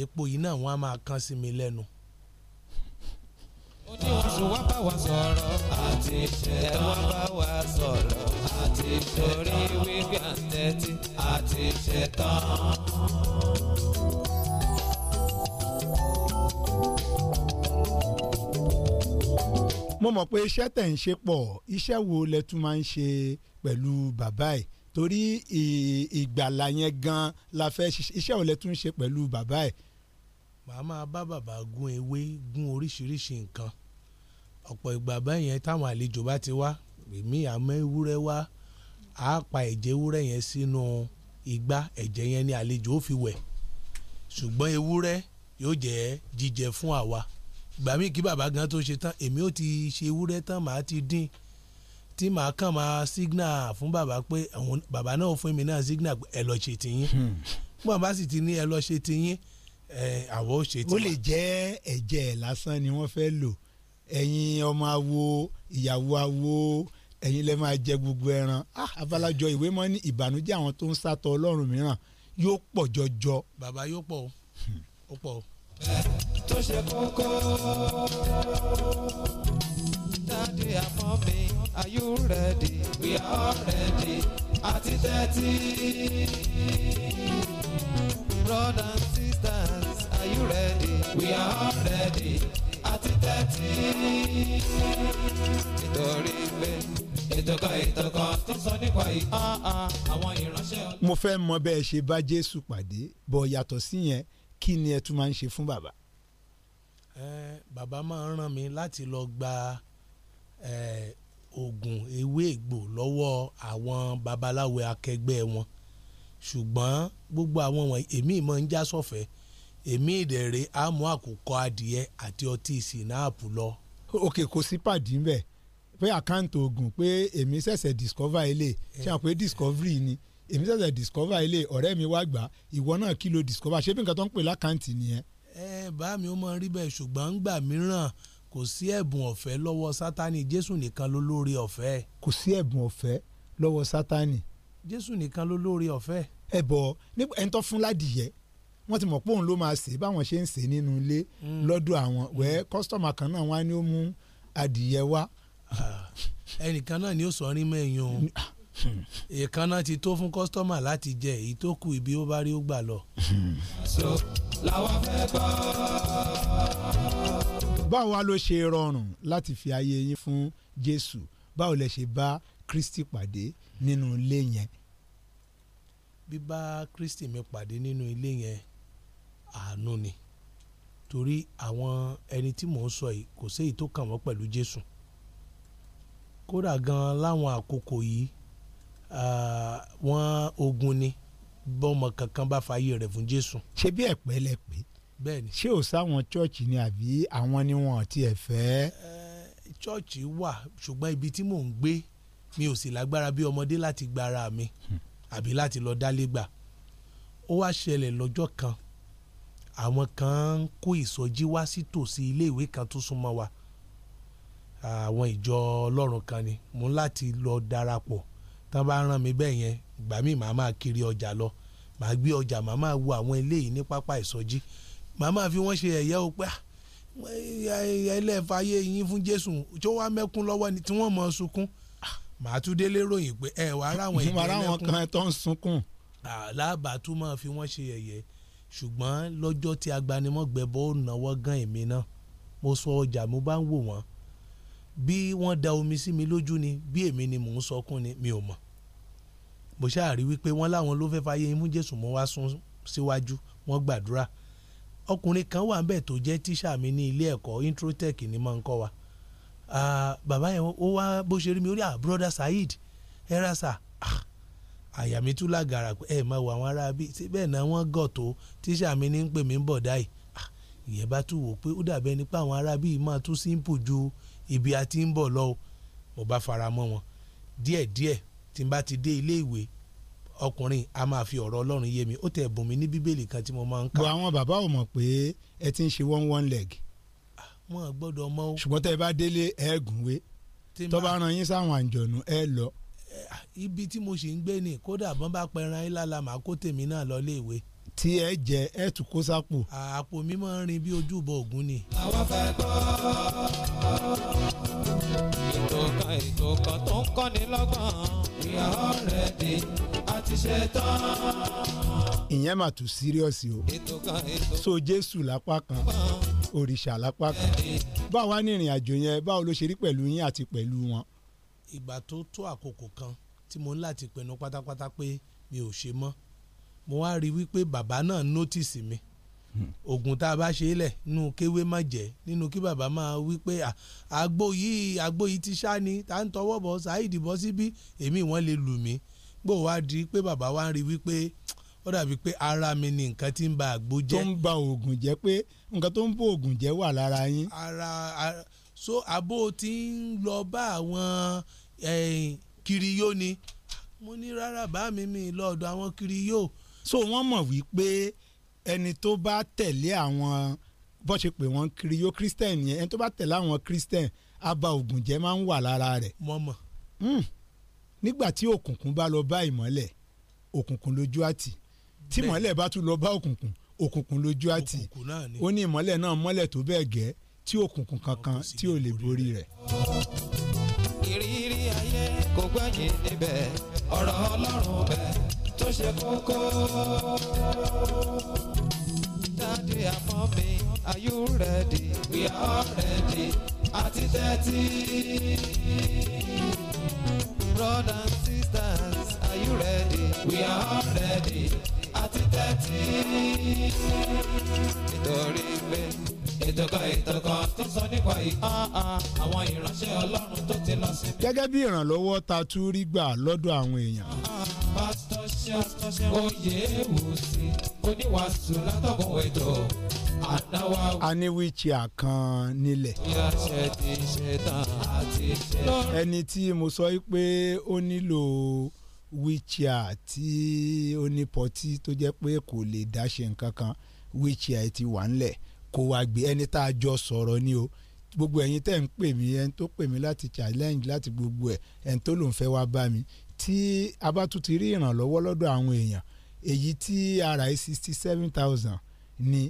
epo yìí náà wọ́n á máa kán sí mi lẹ́nu. ó wá bá wa sọ̀rọ̀ àti iṣẹ́ wá bá wa sọ̀rọ̀ àti torí wíwí àtẹ́tí àti iṣẹ́ tán. mo mọ̀ pé iṣẹ́ tẹ̀ ń ṣe pọ̀ iṣẹ́ wo lẹ máa ń ṣe pẹ̀lú bàbá ẹ̀ torí ìgbàlà yẹn gan la fẹ́ iṣẹ́ òun lẹ tún ṣe pẹ̀lú bàbá ẹ̀. màá máa bá bàbá gún ewé gún oríṣiríṣi nǹkan ọ̀pọ̀ ìgbà bẹ́yẹn táwọn àlejò bá ti wá èmi àmọ́ ewúrẹ́ wá á pa ẹ̀jẹ̀ ewúrẹ́ yẹn sínú igbá ẹ̀jẹ̀ yẹn ni àlejò ó fi wẹ̀ ṣùgbọ́n ewúrẹ́ yóò jẹ́ jíjẹ fún àwa gbàmí kí bàbá gan tó ṣe tán èmi ó ti ṣe ewúrẹ́ tán màá ti dín tí màá kàn máa signal fún bàbá pé bàbá náà fún mi náà signal ẹ lọ ṣe tiyín fún hmm. bàbá sì ti ní ẹ lọ ṣe tiyín àwọ̀ ó ṣe tiwa. ó lè jẹ́ ẹ̀jẹ̀ lásán ni wọ́n fẹ́ lò ẹ̀yin ọmọ awo ìyàwó awo ẹ̀yin lẹ́ máa jẹ gbogbo ẹran ah, abalajọ ìwé mọ́ ní ìbànújẹ́ àwọn tó ń sátọ ọlọ́run mìíràn yóò pọ̀ jọjọ. bàbá yóò pọ̀ hmm. ó pọ̀ o. tó ṣe kókó dáadé àpọ́n mi. Are you ready? We are ready. Àti tẹ́tí. Brothers and sisters, are you ready? We are ready. Àti tẹ́tí. Nítorí pé ìtọ́kọ ìtọ́kọ tó sọ nípa ìhà ah, ah, àwọn ìránṣẹ́. Mo fẹ́ mọ bẹ́ẹ̀ ṣe bá Jésù pàdé bọ̀ yàtọ̀ síyẹn kí ni ẹ tún máa ń ṣe fún bàbá. Eh, bàbá máa ń ràn mí láti lọ gba oògùn ewé egbò lọ́wọ́ àwọn babaláwo akẹgbẹ́ wọn ṣùgbọ́n gbogbo àwọn wọn èmi máa ń já sọ̀fẹ́ èmi ìdẹ̀rẹ̀ á mú adìẹ àti ọtí sinapu lọ. òkè kò sí pàdé ń bẹ̀ pé àkáǹtì oògùn pé èmi ṣẹ̀ṣẹ̀ discover ilé ṣe àpè discovery ni èmi ṣẹ̀ṣẹ̀ discover ilé ọ̀rẹ́ mi wá gbà ìwọ náà kí lo discover ṣé bí nǹkan tó ń pè lákàǹtì nìyẹn. ẹ eh, bá mi ó mọ rí bẹ́ẹ̀ ṣùgbọ́n ń gbà mìíràn kò sí ẹ̀bùn ọ̀fẹ́ lọ́wọ́ sátani jésù nìkan ló lórí ọ̀fẹ́. kò sí ẹ̀bùn ọ̀fẹ́ lọ́wọ́ sátani. jésù nìkan ló lórí ọ̀fẹ́. ẹ bọ nípa ẹni tó fún ládìyẹ wọ́n ti mọ̀ pé òun ló máa sè báwọn ṣe ń sè nínú ilé hmm. lọ́dọ̀ àwọn hmm. wẹ́ẹ́ kọ́sítọ́mà kan náà wá ní ó mú adìyẹ wá. Ah, ẹnìkan náà ni ó sọ rí mẹ́yìn o hmm. èèkan náà ti tó fún kọ́sítọ́mà láti jẹ èyí tó kù ibi ó bá rí ó gbà lọ. àṣọ làwọn fẹ́ gbọ́ báwo wá ló ṣe rọrùn láti fi ayé yín fún Jésù báwo lẹ ṣe bá Kristi pàdé nínú ilé yẹn. bíbá Kristi mi pàdé nínú ilé yẹn àánú ni torí àwọn ẹni tí mò ń sọ yìí kò séyìí tó kàn wọ́n pẹ̀lú Jésù kódà gan láwọn àkókò yìí wọ́n ogun ni bọ́mọ kankan bá fàyè rẹ̀ fún Jésù. ṣé bí ẹ̀pẹ́ lẹ bẹ́ẹ̀ni. ṣé ò sáwọn chọọchì ni àbí àwọn ni wọn ti ẹ fẹ́. Eh, chọọchì wà ṣùgbọ́n ibi tí mò ń gbé mi ò sì lágbára bí ọmọdé láti gba ara mi hmm. àbí láti lọ dálé gbà ó wá ṣẹlẹ̀ lọ́jọ́ kan àwọn kan ń kó ìsọjí wá sí tòsí iléèwé kan tó súnmọ́ wa àwọn ìjọ ọlọ́run kan ni mo láti lọ darapọ̀ tán bá rán mi bẹ́ẹ̀ yẹn gbà mí màá máa kiri ọjà lọ màá gbé ọjà màá máa wo àwọn eléyìí ní pápá ìsọjí. E màmá fi wọ́n ṣe ẹ̀yẹ́ o pé ah, ilẹ̀ fàyè yín fún Jésù tí ó wá mẹ́kún lọ́wọ́ ni tí wọ́n mọ̀ sunkún ah, màá tún délé ròyìn pé ẹ wàá ráwọn ìdílé mẹ́kún. màá ráwọn kan tó ń sunkún. alábàátú máa fi wọ́n ṣe ẹ̀yẹ́ ṣùgbọ́n lọ́jọ́ tí agbanimọ̀gbẹ́bọ̀ ò náwó gan èmi náà mo sọ ọjà mo bá ń wò wọ́n bí wọ́n da omi sí mi lójú ni bí èmi ni mò ń sọkún ni mi ò mọ̀ mo ṣáà rí wípé wọ́n láwọn ló fẹ́ fàyè yín fún Jésù mo wá sún síwájú wọ́n gbàdúrà ọkùnrin kan wà níbẹ̀ tó jẹ́ tíṣà mi ní ilé ẹ̀kọ́ introtech ni máa ń kọ́ wa bàbá yẹn ó wá bó ṣe rí mi ó rí à broda Saheed ẹ ra sà àyà mi tún lágara pé ẹ máa wọ àwọn ará bíi ṣé bẹ́ẹ̀ náà wọ́n gọ̀ tó tíṣà mi ní ń pè mí ń bọ̀ dáì ìyẹn bá tún wò pé ó dàbẹ́ ni àwọn ará bíi máa tún simple ju ibi a ń bọ̀ lọ mo bá fara mọ́ wọn díẹ̀díẹ̀ tí n bá ti dé ilé ìwé ọkùnrin a máa fi ọ̀rọ̀ ọlọ́run yé mi ó tẹ̀ bùn mí ní bíbélì kan tí mo máa ń kà. bọ àwọn bàbá ò mọ̀ pé ẹ ti ń ṣe one one leg. Ah, wọn ò gbọ́dọ̀ mọ̀ o. ṣùgbọ́n tẹ́ ẹ bá délé ẹ gùn wé tó bá ran yín sáwọn àǹjọ̀nù ẹ lọ. Eh, ah, ibi tí mo sì ń gbé ni kódà bọ́n bá pẹran yín lála màá kó tèmi náà lọ léèwé. tí ẹ jẹ ẹ tún kó sápò. Ah, àpò mi máa ń rin bí ojúbọ ògún ni. àwa fẹ́ gbọ́ ètò kan ètò kan tó ń kọ́ni lọ́gbọ̀n ìyàwó rẹ̀ dé ti ṣe tán. ìyẹn mà tún síríọ̀sì o so jésù lápá kan òrìṣà lápá kan báwo wá ní ìrìn àjò yẹn báwo ló ṣe rí pẹ̀lú yín àti pẹ̀lú wọn. ìgbà tó tó àkókò kan tí mo ń láti pinnu pátápátá pé mi ò ṣe mọ́ mo wá rí i wípé bàbá náà nọ́tìsì mi oògùn hmm. tá a bá ṣe é lẹ̀ nínú kéwé má jẹ́ nínú kí bàbá máa wí pé àgbo yìí àgbo yìí ti ṣá ni tá ń tọwọ́ bọ̀ ṣáìdì bọ́ síbí èmi wọ́n lè lù mí gbò wá di pé bàbá wa ń rí wípé ó dàbí pé ara mi ni nǹkan tí ń ba àgbo jẹ́. tó ń ba oògùn jẹ́ pé nǹkan tó ń bọ oògùn jẹ́ wà lára yín. ara ara so abo ti ń lọ bá àwọn kiriyó ni mo ní rárá bá mi mi lọ́ọ̀dọ̀ àwọn kiriyó. so wọ́n mọ̀ wípé ẹni tó bá tẹ̀lé àwọn bó ṣe pè wọ́n kiriyó christian yẹn ẹni tó bá tẹ̀lé àwọn christian á ba oògùn jẹ́ máa ń wà lára rẹ̀. mọ̀mọ̀. Mm nígbà tí òkùnkùn bá lọ bá ìmọ́lẹ̀ òkùnkùn lójú àti tí ìmọ́lẹ̀ bá tún lọ bá òkùnkùn òkùnkùn lójú àti ó ní ìmọ́lẹ̀ náà mọ́lẹ̀ tó bẹ́ẹ̀ gẹ́ tí òkùnkùn kankan tí ò lè borí rẹ̀. ìrírí ayé kò gbẹ̀yìn níbẹ̀ ọ̀rọ̀ ọlọ́run bẹ̀ tó ṣe kókó. Daddy àmọ́ mi are you ready? we are ready àti tẹ́tí brothers and sisters, are you ready? We are all ready. At 30. Nítorí pé ìjọba ìtọ́kọ tó sọ nípa ìhà àwọn ìránṣẹ́ ọlọ́run tó ti lọ sí. gẹ́gẹ́ bí ìrànlọ́wọ́ ta tú rí gbà lọ́dọ̀ àwọn èèyàn. pásítọ̀ ṣe oyè wò sí oníwàásù látọ̀kùn ètò àdáwà. a ní wíìchìá kan nílẹ̀. ẹni tí mo sọ pé ó nílò wíìchìá tí ó tó jẹ́ pé kò lè dá nǹkan kan wíìchìá ti wà ńlẹ̀ kó wa gbé ẹni tá a jọ sọ̀rọ̀ ni o gbogbo ẹ̀yin tẹ́ ń pè mí ẹni tó pè mí láti challenge láti gbogbo ẹ̀ ẹni tó lòún fẹ́ wá bá mi tí a bá tún ti rí ìrànlọ́wọ́ lọ́dọ̀ àwọn èèyàn èyí tí ara ẹ̀ sixty seven thousand ni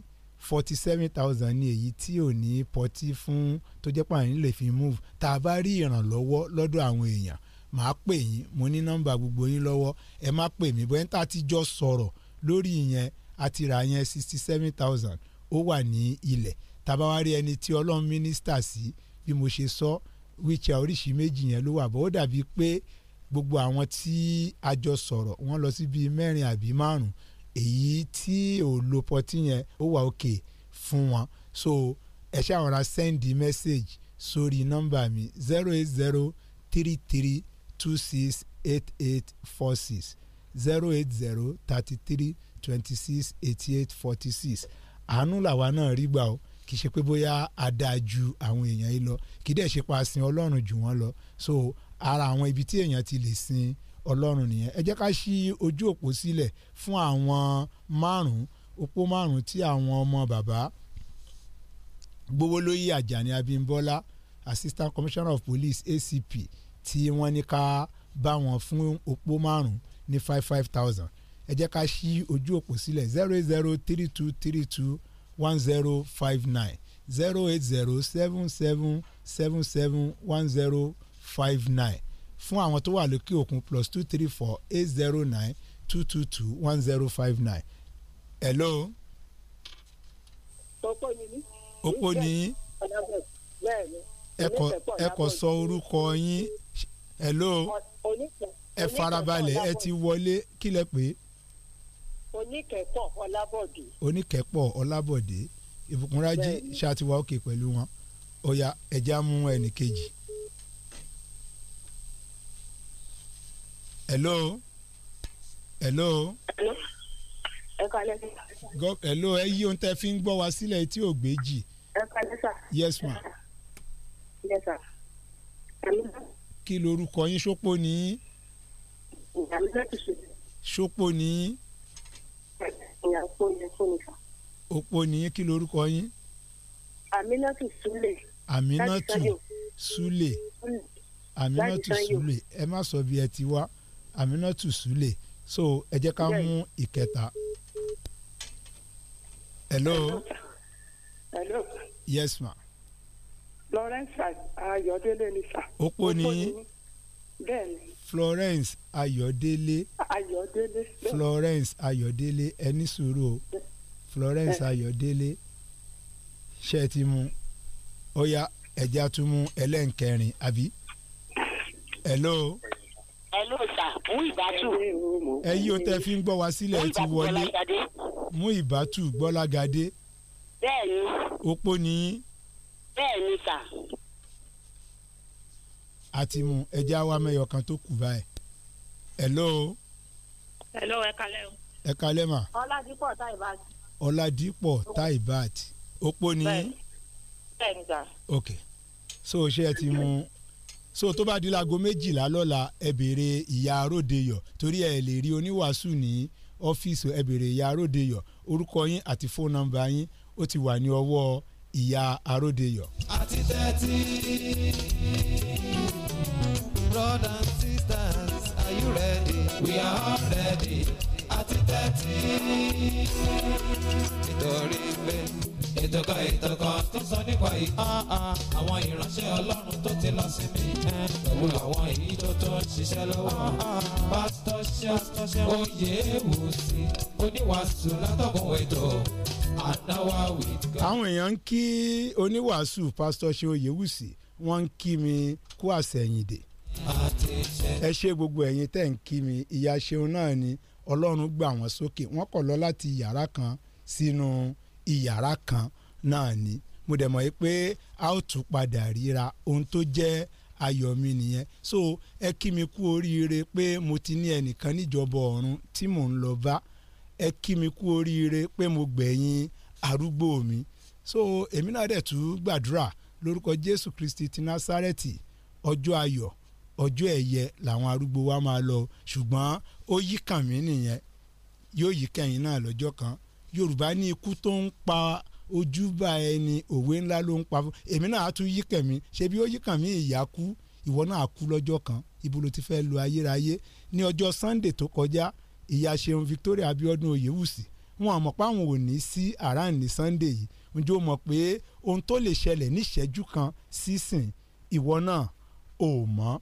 forty seven thousand ni èyí tí ò ní pọtí fún tó jẹ́ pàrọ̀ nílẹ̀ fi move tá a bá rí ìrànlọ́wọ́ lọ́dọ̀ àwọn èèyàn màá pè yín mo ní nọ́mbà gbogbo yín lọ́wọ́ ẹ má pè mí bóyá tá a ti jọ sọ̀rọ̀ lórí ìyẹn àti yẹn sixty seven thousand ó wà ní ilẹ̀ tàbá wá rí ẹni tí ọlọ́run mínísítà sí bí mo ṣe sọ wíṣẹ́ oríṣi méjì yẹn ló wà bọ́ ó dàbí pé gbogbo àwọn tí a jọ sọ̀rọ̀ wọ́n lọ sí bíi mẹ́rin àbí márùn èyí tí ò lo pọtí yẹn ó wà òkè fún wọn so ẹ ṣáà ra send message sórí nọ́mbà mi zero eight zero three three two six eight eight four six zero eight zero thirty three twenty six eighty eight forty six àánú làwa náà rí gbà o kì í ṣe pé bóyá adájú àwọn èèyàn yìí lọ kì í dẹ̀ ṣe pa sin ọlọ́run jù wọ́n lọ so ara àwọn ibi tí èèyàn ti lè sin ọlọ́run nìyẹn ẹ jẹ́ ká ṣí ojú òpó sílẹ̀ fún àwọn márùn-ún òpó márùn-ún tí àwọn ọmọ bàbá gbowolóyè àjàní abímbọ́lá assistant commissioner of police acp tí wọ́n ní ká bá wọn fún òpó márùn-ún ní five five thousand ẹ jẹ́ ká ṣí ojú òpó sílẹ̀ zero eight zero three two three two one zero five nine zero eight zero seven seven seven seven one zero five nine fún àwọn tó wà lókè òkun plus two three four eight zero nine two two two one zero five nine. hello. ọ̀pọ̀ ni. ọ̀pọ̀ ni. ẹ kò sọ orúkọ yín hello ẹ farabalẹ̀ ẹ ti wọlé kí lẹ oníkẹ́pọ̀ ọlábọ̀dé. oníkẹ́pọ̀ ọlábọ̀dé ìbùkúnrájí ṣàtiwá òkè pẹ̀lú wọn ọ̀yà ẹ̀já mú ẹnì kejì. hello hello. hello ẹ yí ohun tẹ́ fi ń gbọ́ wá sílẹ̀ tí ò gbé jì. ẹ kọ́lẹ́ sà. yes ma. yes sà. kí lorúkọ yín ṣópó ni. ìyá mi láti ṣe. ṣópó ni ìyàpò yẹn fún mi. òpó nìyẹn kí lorúkọ yín. Aminatu Sule. Aminatu Sule. Aminatu Sule ẹ má sọ bí ẹ ti wá Aminatu Sule so ẹ jẹ́ ká mú ìkẹta. hello. hello. yes ma. Lawrence Ayọ̀délé ni sà. òpó nìyẹn. bẹ́ẹ̀ ni. Florence Ayọ̀délé Ayọ̀délé Florence Ayọ̀délé ẹni sùúrù o Florence Ayọ̀délé ṣe ti mu ó yá ẹja tún mú ẹlẹ́nkẹrin àbí. hello. hello sir mú ìbátú. ẹ yí o tẹ fi ń gbọ́ wá sílẹ̀ ti wọlé mú ìbátú gbọ́lágadé. bẹ́ẹ̀ni. opó ni yín. bẹ́ẹ̀ni sà àti mu ẹjẹ́ àwa mẹ́yọ kan tó kù báyìí. hello. hello ẹ kalẹ́ o. ẹ kalẹ́ mà. ọládìpọ̀ taibat. ọládìpọ̀ taibat opó ni. bẹ́ẹ̀ ni sà. ok so ṣé ẹ ti mu so tó bá di láago méjìlá lọ́la ẹ béèrè ìyá aródeyọ̀ torí ẹ lè rí oníwàásù ní ọ́fíìsì ẹ béèrè ìyá aródeyọ̀ orúkọ yín àti fóònù nọ́mbà yín ó ti wà ní ọwọ́ ìyá aródeyọ̀. àti tẹ́tí. Brothers and sisters, are you ready? We are all ready. Àti tẹ́tí. Nítorí pé ètò kan ètò kan tó sọ nípa ìhàn àwọn ìránṣẹ́ Ọlọ́run tó ti lọ sí mi. Pẹ̀lú àwọn ìyíjó tó ń ṣiṣẹ́ lọ́wọ́. Pásítọ̀ ṣe oyè wò sí oníwàásù látọ̀kùn ètò àwọn èèyàn ń kí oníwàásù pásítọ̀ ṣe oyèwùsì wọ́n ń kí mi kú àsẹ̀yìndè ẹ ṣe gbogbo ẹ̀yin tẹ́ ń kí mi ìyá ṣeun náà ni ọlọ́run gbà wọ́n sókè wọ́n kọ̀ lọ láti yàrá kan sínú ìyàrá kan náà ni mo dẹ̀ mọ̀ yí pé a ó tún padà ríra ohun tó jẹ́ ayọ̀ mi nìyẹn so ẹ kí mi kú oríire pé mo ti ní ẹnìkan níjọba ọ̀run tí mò ń lọ bá ẹ kí mi kú oríire pé mo gbẹ̀yìn arúgbó mi so èmi náà dẹ̀ tún gbàdúrà lórúkọ Jésù Kristi ti Násárẹ́tì ọjọ́ ayọ̀ ọjọ́ ẹ̀yẹ làwọn arúgbó wa máa lọ ṣùgbọ́n ó yí kàn mí nìyẹn yóò yí kẹ́yìn náà lọ́jọ́ kan yorùbá ní ikú tó ń pa ojúbà ẹni òwe ńlá ló ń pa èmi náà á tún yí kàn mí ṣé bí ó yí kàn mí ìyá kú ìwọ náà kú lọ́jọ́ kan ibo ló ti fẹ́ lo ayérayé ní ọjọ́ sunday tó kọjá ìyá ṣeun victoria abiodun oyewusi wọn àmọ́ páwọn ò ní sí àràǹní sunday yìí ǹjẹ́ o mọ̀ pé ohun tó lè ṣẹlẹ̀ níṣẹ́jú kan sísìn ìwọ náà ò mọ̀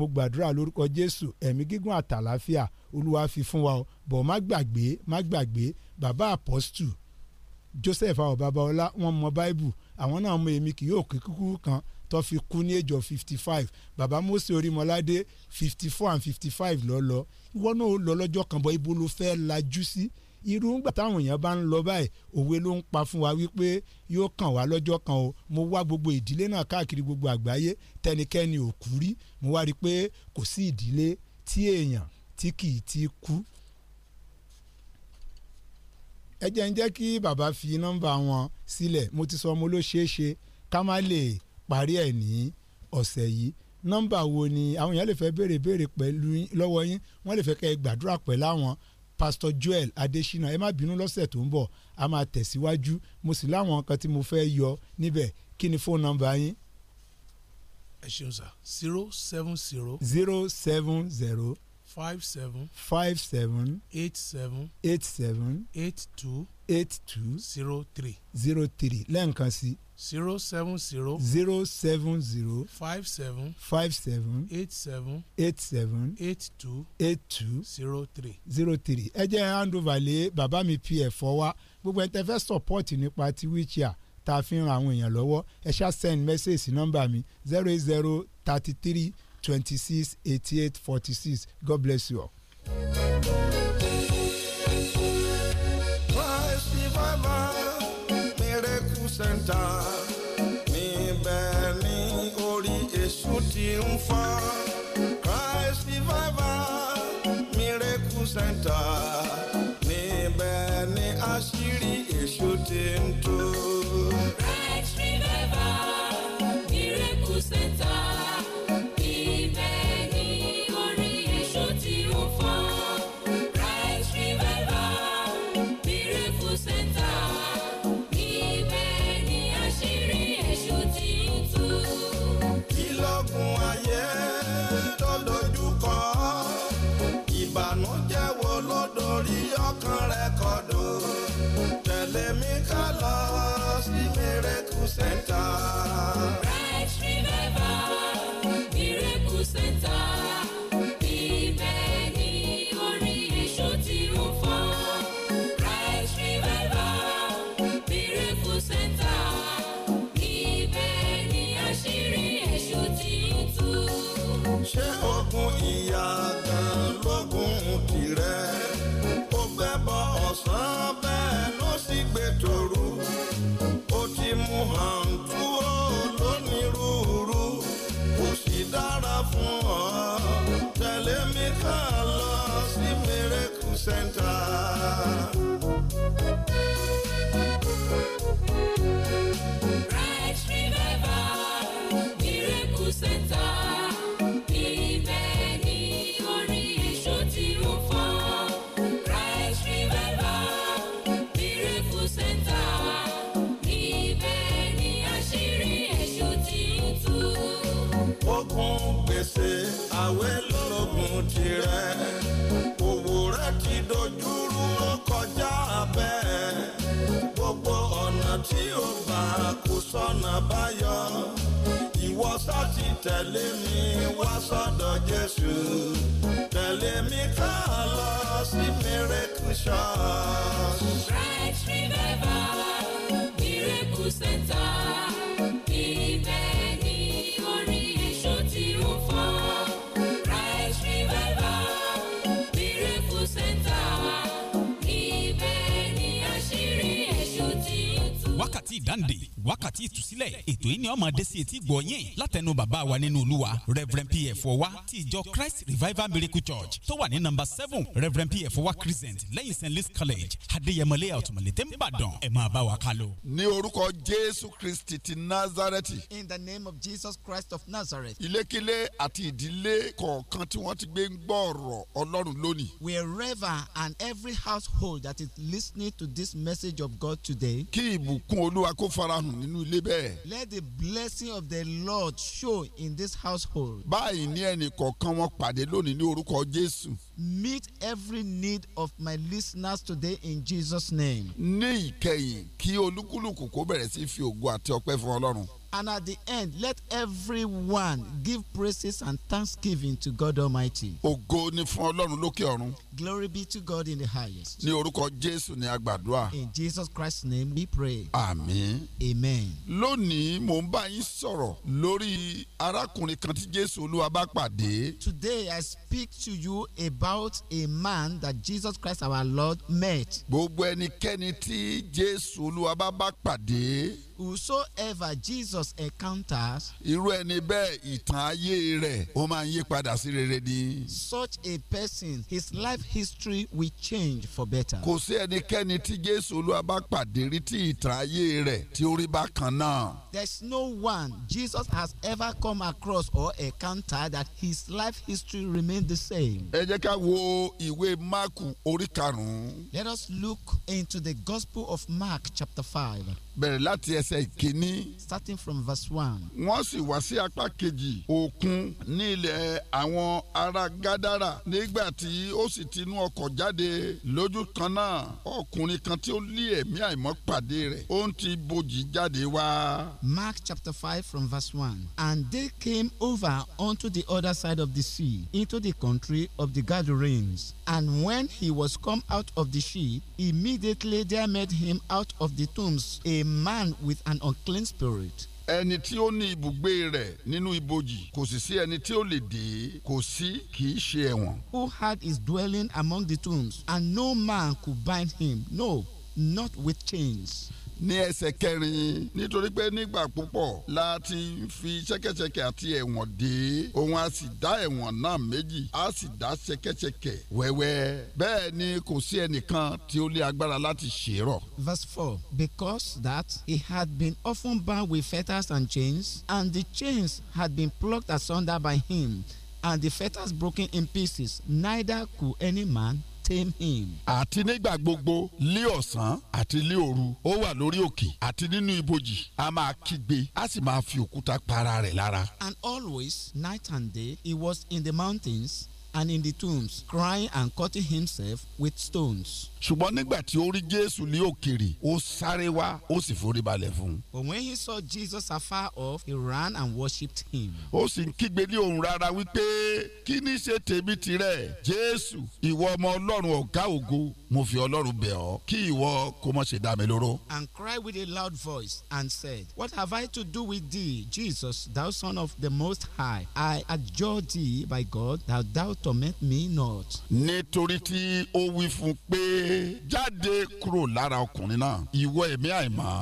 mo gbàdúrà lórúkọ jésù ẹ̀mí gígùn àtàlàfíà olúwa fi fún wa o bọ̀ má gbàgbé má gbàgbé bàbá àpọ́stù joseph àwọn babaọlá wọn mọ báíbù àwọn náà mọ èmi kì yóò kí kúkú kan tó fi kú ní èjọ fifty five bàbá mósè orímọládé fifty four and fifty five lọ lọ ìwọ náà lọ lọ́jọ́ kan bọ̀ ibo ló fẹ́ lajú sí. Si irú ńgbà táwọn èèyàn bá ń lọ báyìí òwe ló ń pa fún wa wípé yóò kàn wá lọ́jọ́ kan o mo wá gbogbo ìdílé náà káàkiri gbogbo àgbáyé tẹnikẹ́ni ò kú rí mo wá rí i pé kò sí ìdílé tí èèyàn tí kì í ti kú. ẹ ń jẹ́ kí bàbá fi nọ́mbà wọn sílẹ̀ mo ti sọ ọmọ ló ká má lè parí ẹ̀ ní ọ̀sẹ̀ yìí nọ́mbà wo ni àwọn èèyàn lè fẹ́ béèrè béèrè pẹ̀lú lọ́wọ́ yín wọ́n lè fẹ́ kẹ́ gbàdúrà pẹ̀lú àwọn Pastor Joel Adesina ẹ má bínú lọ́sẹ̀ tó ń bọ̀ a máa tẹ̀síwájú mo sì láwọn nǹkan tí mo fẹ́ yọ níbẹ̀ kí ni fóònù nọ́mbà yín. ẹ ṣeun sá zero seven zero. zero seven zero. five seven. five seven. eight seven. eight seven. eight two. eight two. zero three. zero three lẹ́ǹkan sí i zero seven zero. zero seven zero. five seven. five seven. eight seven. eight seven. eight two. eight two. zero three. zero three ẹ jẹ́ handover lé bàbá mi pf wa gbogbo ẹ̀ tẹ́ fẹ́ support nípa ti wheelchair tá a fi ń ran àwọn èèyàn lọ́wọ́ ẹ ṣá send message Number nọ́mbà mi zero eight zero thirty three twenty six eighty eight forty six God bless you center níbẹ̀ ní orí èṣù ti ń fọ́ Christ survivor. miracle center níbẹ̀ ní àṣírí èṣù ti ń tú. kàwé lórogún tirẹ̀ òwò rẹ ti dojúrú ó abẹ́ gbogbo ọ̀nà tí ó gbà kò sọ̀nà báyọ ìwọ sá tẹ̀lé mi wá sọ́dọ̀ Jésù tẹ̀lé mi ká lọ sí Miracle Church. Fresh Revival Miracle Center. Dandy. wákàtí ìtúsílẹ̀ ètò yìí ni ó máa etí gbọ́ látẹnu bàbá wa nínú olúwa reverend pf ọwa ti ìjọ christ revival miracle church tó wà ní nọ́mbà seven reverend pf ọwa crescent lẹ́yìn st louis college adéyẹmọlẹ́yà ọ̀túnmọ̀lẹ́tẹ̀ ń bàdàn ẹ máa bá wa kálọ. ní orúkọ jésù kristi ti nazareti. in the name of jesus christ of nazareth. ilékilé àti ìdílé kọ̀ọ̀kan tí wọ́n ti gbé ń gbọ́ ọlọ́run lónìí. wherever and every household that is listening to this message of God today. kí ìbùkún olúwa kó farahàn dùn nínú ilé bẹ́ẹ̀. let the blessing of the Lord show in this household. báyìí ní ẹnì kọ̀ọ̀kan wọn pàdé lónìí ní orúkọ Jésù. meet every need of my listeners today in Jesus' name. ní ìkẹyìn kí olúkúlùkù kó bẹ̀rẹ̀ sí fi ògo àti ọpẹ́ fún Ọlọ́run. And at the end, let everyone give praises and thanksgiving to God Almighty. Ògo ni fún Ọlọ́run lókè ọ̀run. Glory be to God in the highest. Ní orúkọ Jésù ni a gbàdúrà. In Jesus Christ's name we pray. Àmín. Amen. Lónìí mò ń bá yín sọ̀rọ̀ lórí arákùnrin kan tí Jésù Olúwa bá pàdé. Today I speak to you about a man that Jesus Christ our Lord met. Gbogbo ẹnikẹ́ni tí Jésù Olúwa bá bá pàdé whosoever Jesus encounters. irú ẹni bẹ́ẹ̀ ìtàn ayé rẹ̀ ó máa ń yí padà sí rere ni. such a person his life history will change for better. kò sí ẹnikẹ́ni tí Jésù Olúwa rí tí ìtàn ayé rẹ̀ tí ó rí bákan náà. there is no one Jesus has ever come across or encountered that his life history remained the same. ẹ jẹ́ ká wo ìwé Máàkù orí karùn-ún. let us look into the Gospel of Mark chapter five. bẹ̀rẹ̀ láti ẹsẹ̀ ẹsẹ̀ ìkíní. starting from verse one. wọ́n sì wá sí apá kejì òkun ní ilẹ̀ àwọn ará gádàrà nígbà tí ó sì tinú ọkọ̀ jáde lójú kan náà ọkùnrin kan tí ó lé ẹ̀mí àìmọ́ pàdé rẹ̀ ó ń ti bojì jáde wá. Mark chapter five from verse one. And they came over unto the other side of the sea into the country of the Gadarenes. And when he was come out of the sea, immediately there met him out of the tombs a man with with an unclean spirit. ẹni tí ó ní ibùgbé rẹ̀ nínú ibojì kò sì sí ẹni tí ó lè dé kò sí kì í ṣe ẹ̀wọ̀n. who had his dwelling among the tombs and no man could bind him no not with chains ní ẹsẹ̀ kẹrin nítorí pé nígbà púpọ̀ la ti fi ṣẹ́kẹ́ṣẹkẹ̀ àti ẹ̀wọ̀n dè òun a sì dá ẹ̀wọ̀n náà méjì a sì dá ṣẹ́kẹ́ṣẹkẹ̀ wẹ́wẹ́ bẹ́ẹ̀ ni kò sí ẹnìkan tí ó lé agbára láti ṣèrọ̀. verse four because that he had been often bound with fetters and chains and the chains had been plucked asunder by him and the fetters broken in pieces neither could any man sustain him. àti nígbà gbogbo lé ọ̀sán àti lé òru ó wà lórí òkè àti nínú ibojì a máa kígbe a sì máa fi òkúta para rẹ̀ lára. and always night and day he was in the mountains and in the tombs crying and cutting himself with stones. ṣùgbọ́n nígbà tí ó rí jésù ní òkèrè ó sáré wá ó sì forí balẹ̀ fún un. but when he saw Jesus afar off he ran and worshipped him. ó sì ń kígbe ní ohùn rara wípé kí ni ṣe tèmi tirẹ̀ jésù ìwọ ọmọ ọlọ́run ọ̀gá ògo mo fi ọlọ́run bẹ̀ ọ́ kí ìwọ kó ṣe dá mi lóró. and cried with a loud voice and said what have I to do with thee Jesus thou son of the most high I adjure thee by God that thou torment me not. nítorí tí ó wí fún pé. jáde kúrò lára ọkùnrin náà ìwọ ẹ̀mí àìmọ́.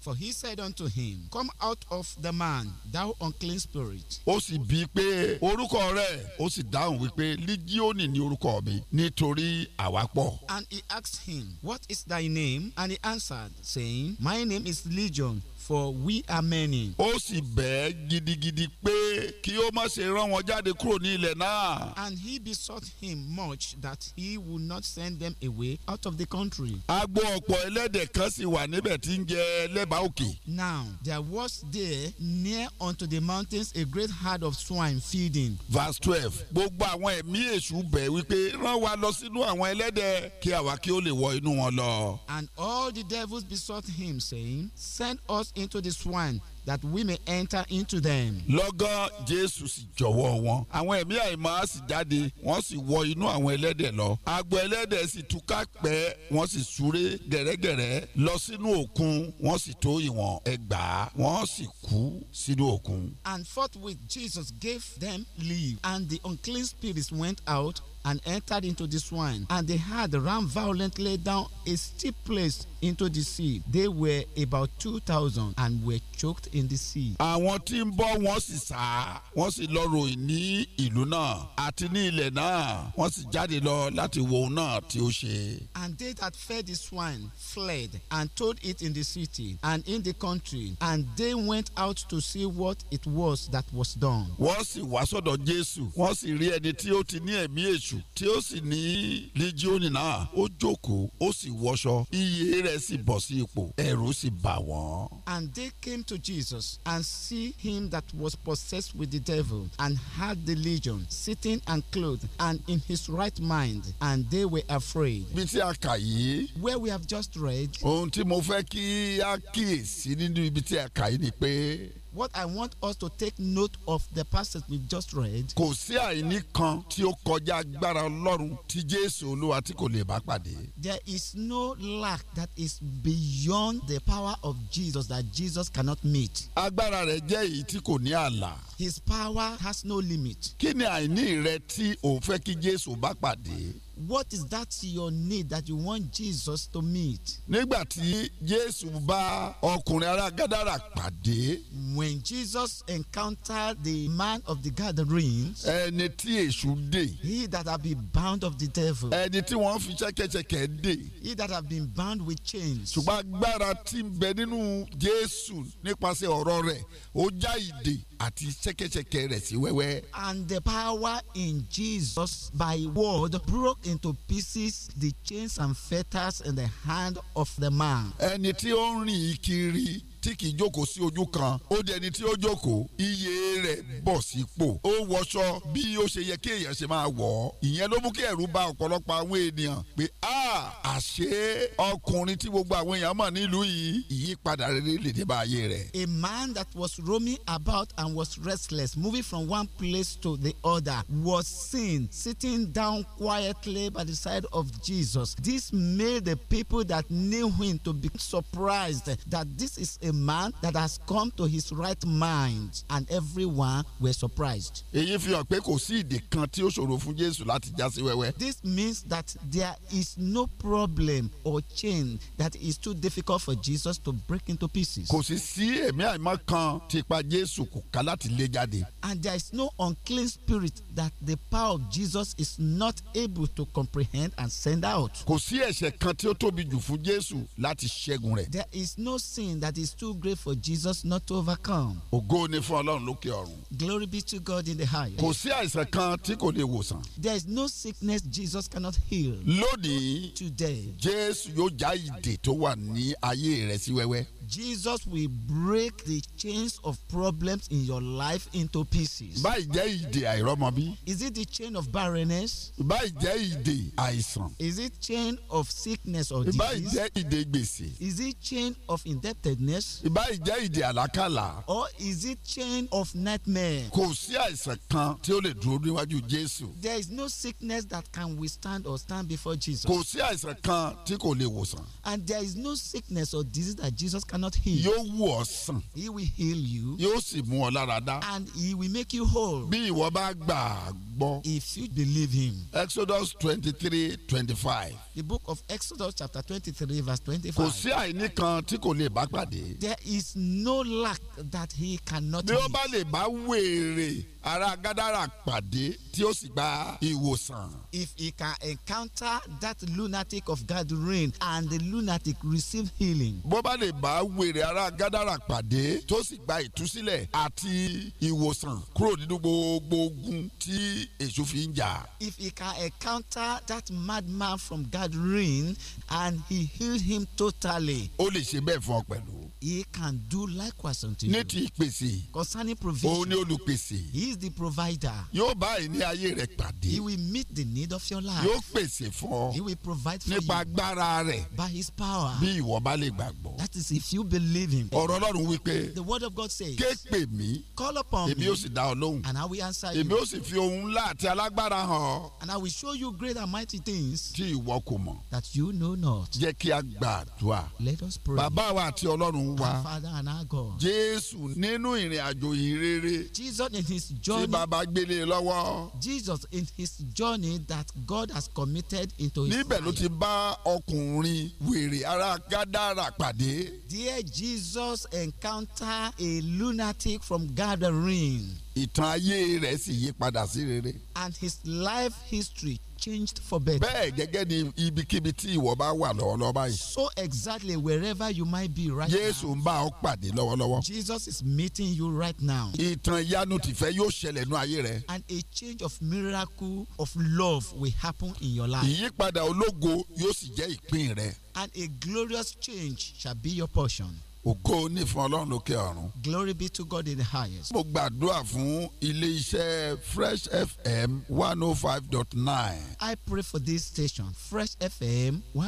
for he said unto him come out of the man thou unclean spirit. ó sì bíi pé orúkọ rẹ̀ ó sì dáhùn wípé lígíọ́nì ni orúkọ mi nítorí àwa pọ̀. and he asked him what is thy name and he answered saying my name is Legion for we are many. ó sì bẹ́ẹ̀ gidigidi pé kí ó má ṣe rán wọn jáde kúrò ní ilẹ̀ náà. and he besought him much that he would not send them away out of the country. agbo ọ̀pọ̀ ẹlẹ́dẹ̀ kan sì wà níbẹ̀ tí ń jẹ lẹ́bàá òkè. now there was there near unto the mountains a great herd of swine feeding. verse twelve gbogbo àwọn ẹ̀mí èṣù bẹ̀ wípé rán wa lọ sínú àwọn ẹlẹ́dẹ̀ kí àwa kí ó lè wọ inú wọn lọ. and all the devils besought him saying send us into the swine that we may enter into them. lọ́gán jésù sì jọ̀wọ́ wọn àwọn ẹ̀mí àìmọ́ á sì jáde wọ́n sì wọ inú àwọn ẹlẹ́dẹ̀ lọ agbo ẹlẹ́dẹ̀ sì túká pẹ́ wọ́n sì súré gẹ̀rẹ́gẹ̀rẹ́ lọ sínú òkun wọ́n sì tó ìwọ̀n ẹgbàá wọ́n sì kú sínú òkun. and forthwith Jesus gave them leave and the unclean spirits went out and entered into the swine, and they had run violently down a steep place into the sea. They were about two thousand and were choked in the sea. Àwọn tí ń bọ́ wọ́n sì sá, wọ́n sì lọ ròyìn ní ìlú náà àti ní ilẹ̀ náà, wọ́n sì jáde lọ láti wo ohun náà tí ó ṣe. And they that fed the swine fled and told it in the city and in the country, and they went out to see what it was that was done. Wọ́n sì wá sọ́dọ̀ Jésù, wọ́n sì rí ẹni tí ó ti ní ẹ̀mí èṣù èṣù tí ó sì ní lẹ́jíọ́nì náà ó jókòó ó sì wọṣọ iye rẹ̀ sì bọ̀ sí ipò ẹ̀rù sì bà wọ́n. and they came to Jesus and see him that was possessed with the devil and had the legion sitting and clothed and in his right mind and they were afraid. bí tí a kà yìí. where we have just read. ohun tí mo fẹ́ kí a kíyèsí nínú ibi tí a kà yìí ni pé what I want us to take note of the passage we've just read. Kò sí àìní kan tí ó kọjá agbára Ọlọ́run tí Jésù Olúwa tí kò lè bá pàdé. There is no lack that is beyond the power of Jesus that Jesus cannot meet. Agbára rẹ̀ jẹ́ èyí tí kò ní ààlà. His power has no limit. Kí ni àìní rẹ tí òun fẹ́ kí Jésù bá pàdé? what is that your need that you want Jesus to meet. nígbà tí Jésù bá ọkùnrin ará Gádàrà pàdé. when Jesus encountered the man of the gathering, ẹni tí èṣù dè. he that had been bound of the devil. ẹni tí wọ́n fi ṣẹ́kẹ́ṣẹkẹ̀ dè. he that had been bound with chains. ṣùgbọ́n agbára tí ń bẹ nínú Jésù nípasẹ̀ ọ̀rọ̀ rẹ̀ ó já ìdè àti ṣẹ́kẹ́ṣẹkẹ̀ rẹ̀ sí wẹ́wẹ́. and the power in Jesus by word broke into pieces the chains and fetters in the hand of the man. ẹni tí ó ń rìn kiri tí kì í jókòó sí ojú kan ó di ẹni tí ó jókòó iye rẹ̀ bọ̀ sípò ó wọṣọ bí ó ṣe yẹ kí èèyàn ṣe máa wọ̀ ọ́ ìyẹn ló mú kí ẹ̀rù bà ọ̀pọ̀lọpọ̀ àwọn ènìyàn pé a àṣé ọkùnrin tí gbogbo àwọn èèyàn mọ̀ nílùú yìí ìyípadà rere lè dé bá ayé rẹ̀. A man that was roaming about and was restless moving from one place to the other was seen sitting down quietly by the side of Jesus. This made the people that knew him to be surprised that this is a a man that has come to his right mind and everyone were surprised. èyí fi hàn pé kò sí ìdè kan tí ó ṣòro fún Jésù láti já sí wẹ́wẹ́. This means that there is no problem or chain that is too difficult for Jesus to break into pieces. kò sì sí ẹ̀mí àìmọ́ kan Jésù kò ká láti lé jáde. And there is no unclean spirit that the power of Jesus is not able to comprehend and send out. kò sí ẹ̀ṣẹ̀ kan tí ó tóbi jù fún Jésù láti ṣẹ́gun rẹ̀. There is no sin that is too great for Jesus not to overcome. ògo ni fún ọlọ́run lókè ọ̀run. glory be to God in the highest. kò sí àìsàn kan tí kò lè wòsàn. there is no sickness Jesus cannot heal. lónìí today Jésù yóò já ìdè tó wà ní ayé rẹ sí wẹ́wẹ́. Jesus will break the chains of problems in your life into pieces. Báyìí jẹ́ ìdè Is it the chain of barrenness? Báyìí jẹ́ ìdè àìsàn. Is it chain of sickness or disease? Báyìí jẹ́ ìdè gbèsè. Is it chain of indebtedness? ìbáyìí jẹ́ ìdè àlákàlà. or is it chain of nightmare. kò sí àìsàn kan tí ó lè dúró níwájú Jésù. there is no sickness that can withstand or stand before Jesus. kò sí àìsàn kan tí kò lè wòsàn. and there is no sickness or disease that Jesus cannot heal. yóò wò ọ́ sàn. he will heal you. yóò sì mú ọ lára dá. and he will make you whole. bí ìwọ bá gbà if you believe him. Exodus twenty-three twenty-five the book of Exodus chapter twenty-three verse twenty-five. kò sí àìní kan tí kò lè bá pàdé. there is no lack that he cannot meet. bí ó bá lè bá wèrè ará gádàrà pàdé tí ó sì gba ìwòsàn. if he can encounter that lunatic of Gadarene and the lunatic receive healing. bó bá lè bá wèrè ará gádàrà pàdé tó sì gba ìtúsílẹ̀ àti ìwòsàn kúrò nínú gbogbo ogun tí èṣù fi ń jà. if he can encounter that madman from Gadarene and he healed him totally. ó lè ṣe bẹ́ẹ̀ fún ọ pẹ̀lú he can do likewise unto you. ní ti ìpèsè. concerning provision. òun ni olùpèsè. he is the provider. yóò bá ìní ayé rẹ pàdé. he will meet the need of your life. yóò pèsè fún ọ. he will provide for you. nípa agbára rẹ̀. by his power. bí ìwọ bá lè gbàgbọ́. that is if you believe him. ọ̀rọ̀ Ọlọ́run wípé. the word of God says. ké pè call upon me. èmi yóò sì dá ọ lóhùn. and I will answer you. èmi yóò sì fi ohun ńlá àti alágbára hàn. and I will show you great and mighty things. tí ìwọ kò mọ̀. that you know not. jẹ́ kí a gbàdúrà. let us pray. bàbá wa àti Ọlọ́run ọlọ́run wa jésù nínú ìrìn àjò ìrere tí bàbá gbélé e lọ́wọ́. Jesus in his journey that God has committed into his life. níbẹ̀ ló ti bá ọkùnrin wèrè ará Gádàrà pàdé. There Jesus encounter a lunatic from Gadarene. ìtàn ayé rẹ̀ sì yí padà sí rere. And his life history changed for better. bẹ́ẹ̀ gẹ́gẹ́ ni ibikíbi tí ìwọ bá wà lọ́wọ́lọ́wọ́ báyìí. so exactly wherever you might be right now. Jésù ń bá ọ pàdé lọ́wọ́lọ́wọ́. Jesus is meeting you right now. ìtàn ìyanu tìfẹ́ yóò ṣẹlẹ̀ nú ayé rẹ. and a change of miracle of love will happen in your life. ìyípadà ológo yóò sì jẹ́ ìpín rẹ. and a glorious change shall be your portion ògo ní fún ọlọ́run lókè ọ̀run. glory be to God in the highest. mo gbàdúrà fún ilé-iṣẹ́ fresh fm one oh five dot nine. i pray for this station fresh fm one oh